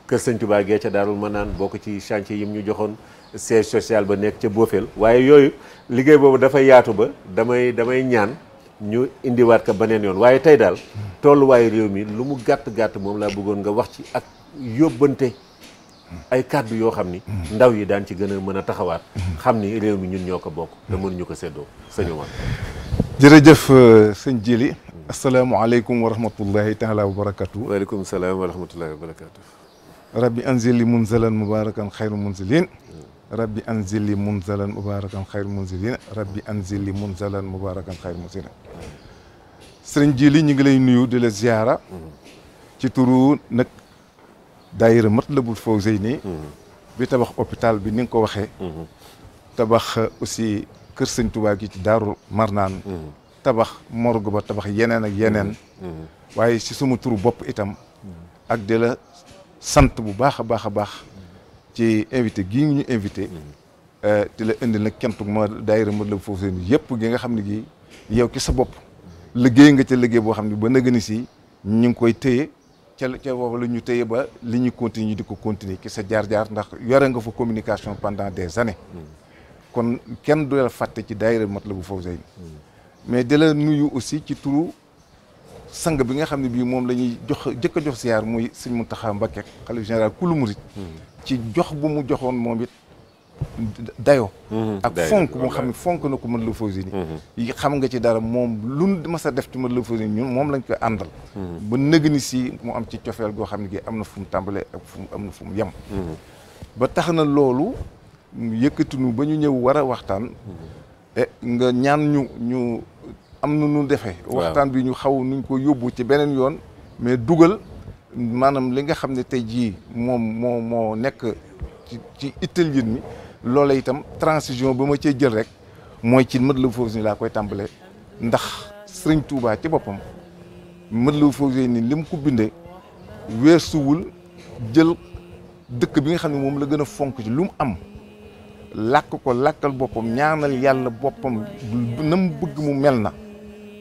kër sëñ Touba gee ca Daarul Manaan bokk ci chantier yim ñu joxoon siège social ba nekk ca Bofel waaye yooyu liggéey boobu dafa yaatu ba damay damay ñaan ñu indiwaat ko beneen yoon waaye tey daal tolluwaayu réew mi lu mu gàtt gàtt moom laa bëggoon nga wax ci ak yóbbante ay kàddu yoo xam ni ndaw yi daan ci gën a mën a taxawaat xam ni réew mi ñun ñoo ko bokk te mënuñu ko séddoo sëñ Omar jërëjëf euh, sëñ Jili asalaamaaleykum wa rahmatullahi taala wa barakatu waaleykum salaam wa rahmatullahi wa barakatu rabbi anzili munzalan mubarakan xayru munzilin rabbi anzili munzalan mubarakan xayru munzilin rabbi anzili munzalan mubarakan xayru munzilin sëriñ Jili ñu ngi lay nuyu di la ziara mm-hmm. ci turu nag daayira Matlabul nii hmm. bi tabax hôpital bi ni nga ko waxee hmm. tabax aussi kër sëñ Tuubaa gi ci Daaru Marnaan hmm. tabax morgue ba tabax yeneen ak yeneen waaye ci suma turu bopp itam ak di la sant bu baax a baax a baax ci invité gii ñu invité euh, di la indi nag kentu ma daayira Matlabul Fawzeyni yëpp gi nga xam ne gi yow ki sa bopp liggéey nga ca liggéey boo xam ne ba nëgëni si ñu ngi koy téye ca ca wax la ñu téye ba li ñu continuer di ko continuer ki sa jaar-jaar ndax yore nga fa communication pendant des années mm. kon kenn du la fàtte ci daayira Matlaboul Fawzayni mm. mais di la nuyu aussi ci turu sang bi nga xam ne bii moom la ñuy jox jëkk a jox siyaar muy sëñ Mountakha Mbacké xalifa général mu murit mm. ci jox bu mu joxoon moom it dayo mhm. ak fonk bu nga xam ne fonk na ko mën la fausi ni xam nga ci dara moom lu mas a def ci mën la fausi ni ñun moom lañ koy àndal mhm. ba nëg ni si mu am ci cofeel goo xam ne gi am na fu mu tàmbalee ak fu mu fu mu yem mhm. ba tax na loolu yëkkatinu ba ñu ñëw war a waxtaan eh, nga ñaan ñu ñu am na nu defe waxtaan bi ñu xaw nuñ ko yóbbu ci beneen yoon mais dugal maanaam li nga xam ne tey jii moom moo moo nekk ci ci mi loola itam transition ba ma cee jël rek mooy ci Matlaboul Fawzayni laa koy tàmbalee ndax Sëriñ Tuubaa ci boppam la Matlaboul Fawzayni ni mu ko bindee weesuwul jël dëkk bi nga xam ne moom la gën a fonk ci lu mu am lakk ko làkkal boppam ñaanal yàlla boppam na mu bëgg mu mel na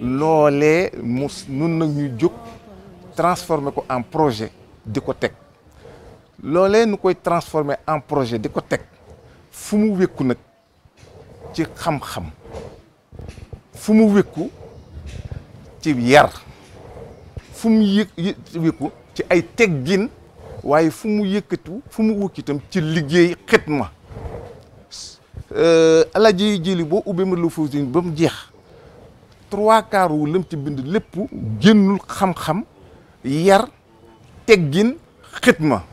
loole mu nun nag ñu jóg transformer ko en projet di ko teg loole nu koy transformer en projet di ko teg fu mu wékku nag ci xam-xam fu mu wékku ci yar fu mu yë wékku ci ay teggin waaye fu mu yékkatu fu mu wëkk itam ci liggéey xitma euh, alaaji jili boo ubbee ma lu fausin ba mu jeex trois quarts wu lam ci bind lépp génnul xam-xam yar teggin xitma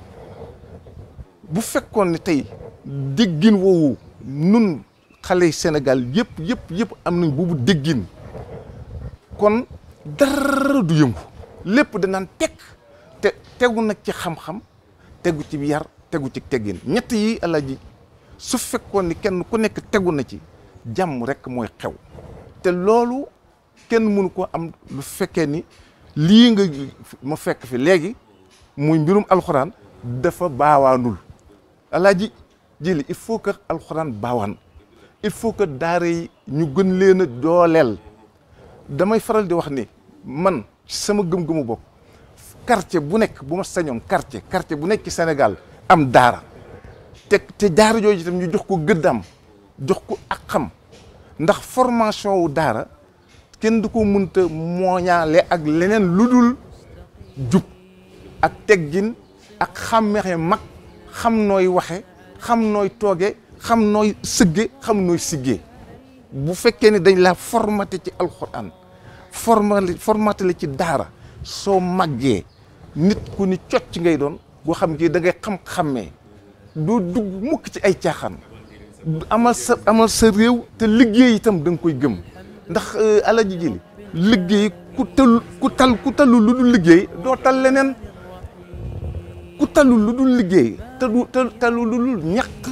bu fekkoon ni tey déggin woowu nun xale Sénégal yëpp yëpp yëpp am nañ boobu déggin kon dara du yëngu lépp danaan teg te tegu nag ci xam-xam tegu ci yar tegu ci teggin ñett yi alaaji su fekkoon ni kenn ku nekk tegu na ci jàmm rekk mooy xew te loolu kenn mënu koo am lu fekkee ni lii nga ma fekk fi léegi muy mbirum alxuraan dafa baawaanul alaaji ji li il faut que alxuraan baawan il faut que daara yi ñu gën leen a dooleel damay faral di wax ni man sama gëm-gëmu bopp quartier bu nekk bu ma sañoon quartier quartier bu nekk ci Sénégal am daara te te daara jooju itam ñu jox ko gëddam jox ko ak xam ndax formation wu daara kenn du ko mënta mooñaale ak leneen lu dul jub ak teggin ak xàmmee mag xam nooy waxe xam nooy tooge xam nooy sëgge xam nooy siggee bu fekkee ne dañ laa formaté ci alxuraan formal la ci daara soo màggee nit ku ni cocc ngay doon goo xam gi dangay ngay xam-xammee doo dugg mukk ci ay caaxaan amal sa amal sa réew te liggéey itam da koy gëm ndax euh, alaji ji li liggéey ku tal ku tal lu dul liggéey doo tal leneen ku talu lu dul liggéey te du te lu dul ñàkk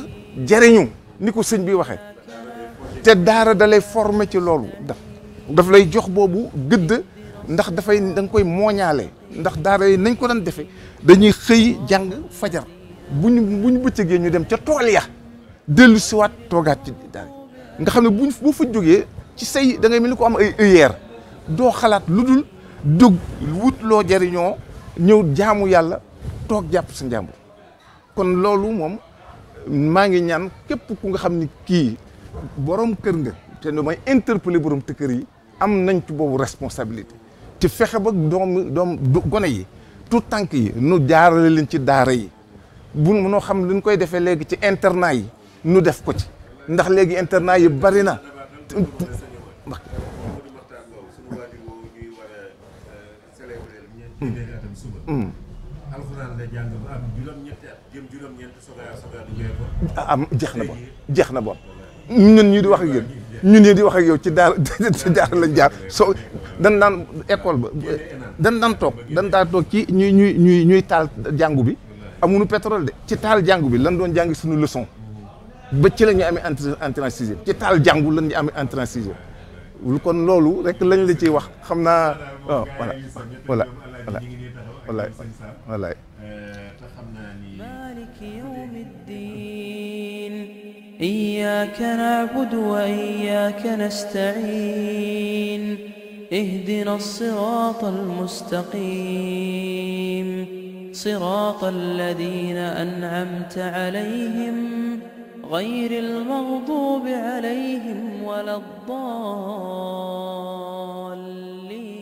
jariñu ni ko sëñ bi waxee te daara da lay former ci loolu daf lay jox boobu gëdd ndax dafay danga koy mooñaale ndax daara yi nañ ko daan defe dañuy xëy jàng fajar bu ñu bu ñu ñu dem ca tool ya dellu siwaat toogaat ci daara nga xam ne buñ boo fa jógee ci say da ngay mel ni ko am ay œillères doo xalaat lu dul dug wut loo jariñoo ñëw jaamu yàlla toog jàpp sa njàmbur kon loolu moom maa ngi ñaan képp ku nga xam ni kii borom kër nga te nu may interpeller borom te kër yi am nañ ci boobu responsabilité ci fexe ba doom doom gone yi tout tànk yi nu jaarale leen ci daara yi bu noo xam luñ koy defee léegi ci internat yi nu def ko ci ndax léegi internat yi bari na Mm. alxuraan la jàng ba am jeex ba. Ah, am jeex na bon jeex na bon ñun ñii di wax ak yéen ñun ñii di wax ak yow ci daal ci daara lañ jaar so dan daan école ba dan daan toog dan daan toog ci ñuy ñuy ñuy ñuy taal jàngu bi amuñu pétrole de ci taal jàngu bi lan doon jàngi suñu leçon ba ci la ñu amee entrée en ci taal jàngu lan ñu amee entrée en lu kon loolu rek lañ la ci wax xam naa voilà voilà voilà. wallaay te xam naa ni maliki yawmi ddin iyyaka na'budu wa iyyaka nasta'in اهدنا الصراط المستقيم صراط الذين أنعمت عليهم غير المغضوب عليهم ولا الضالين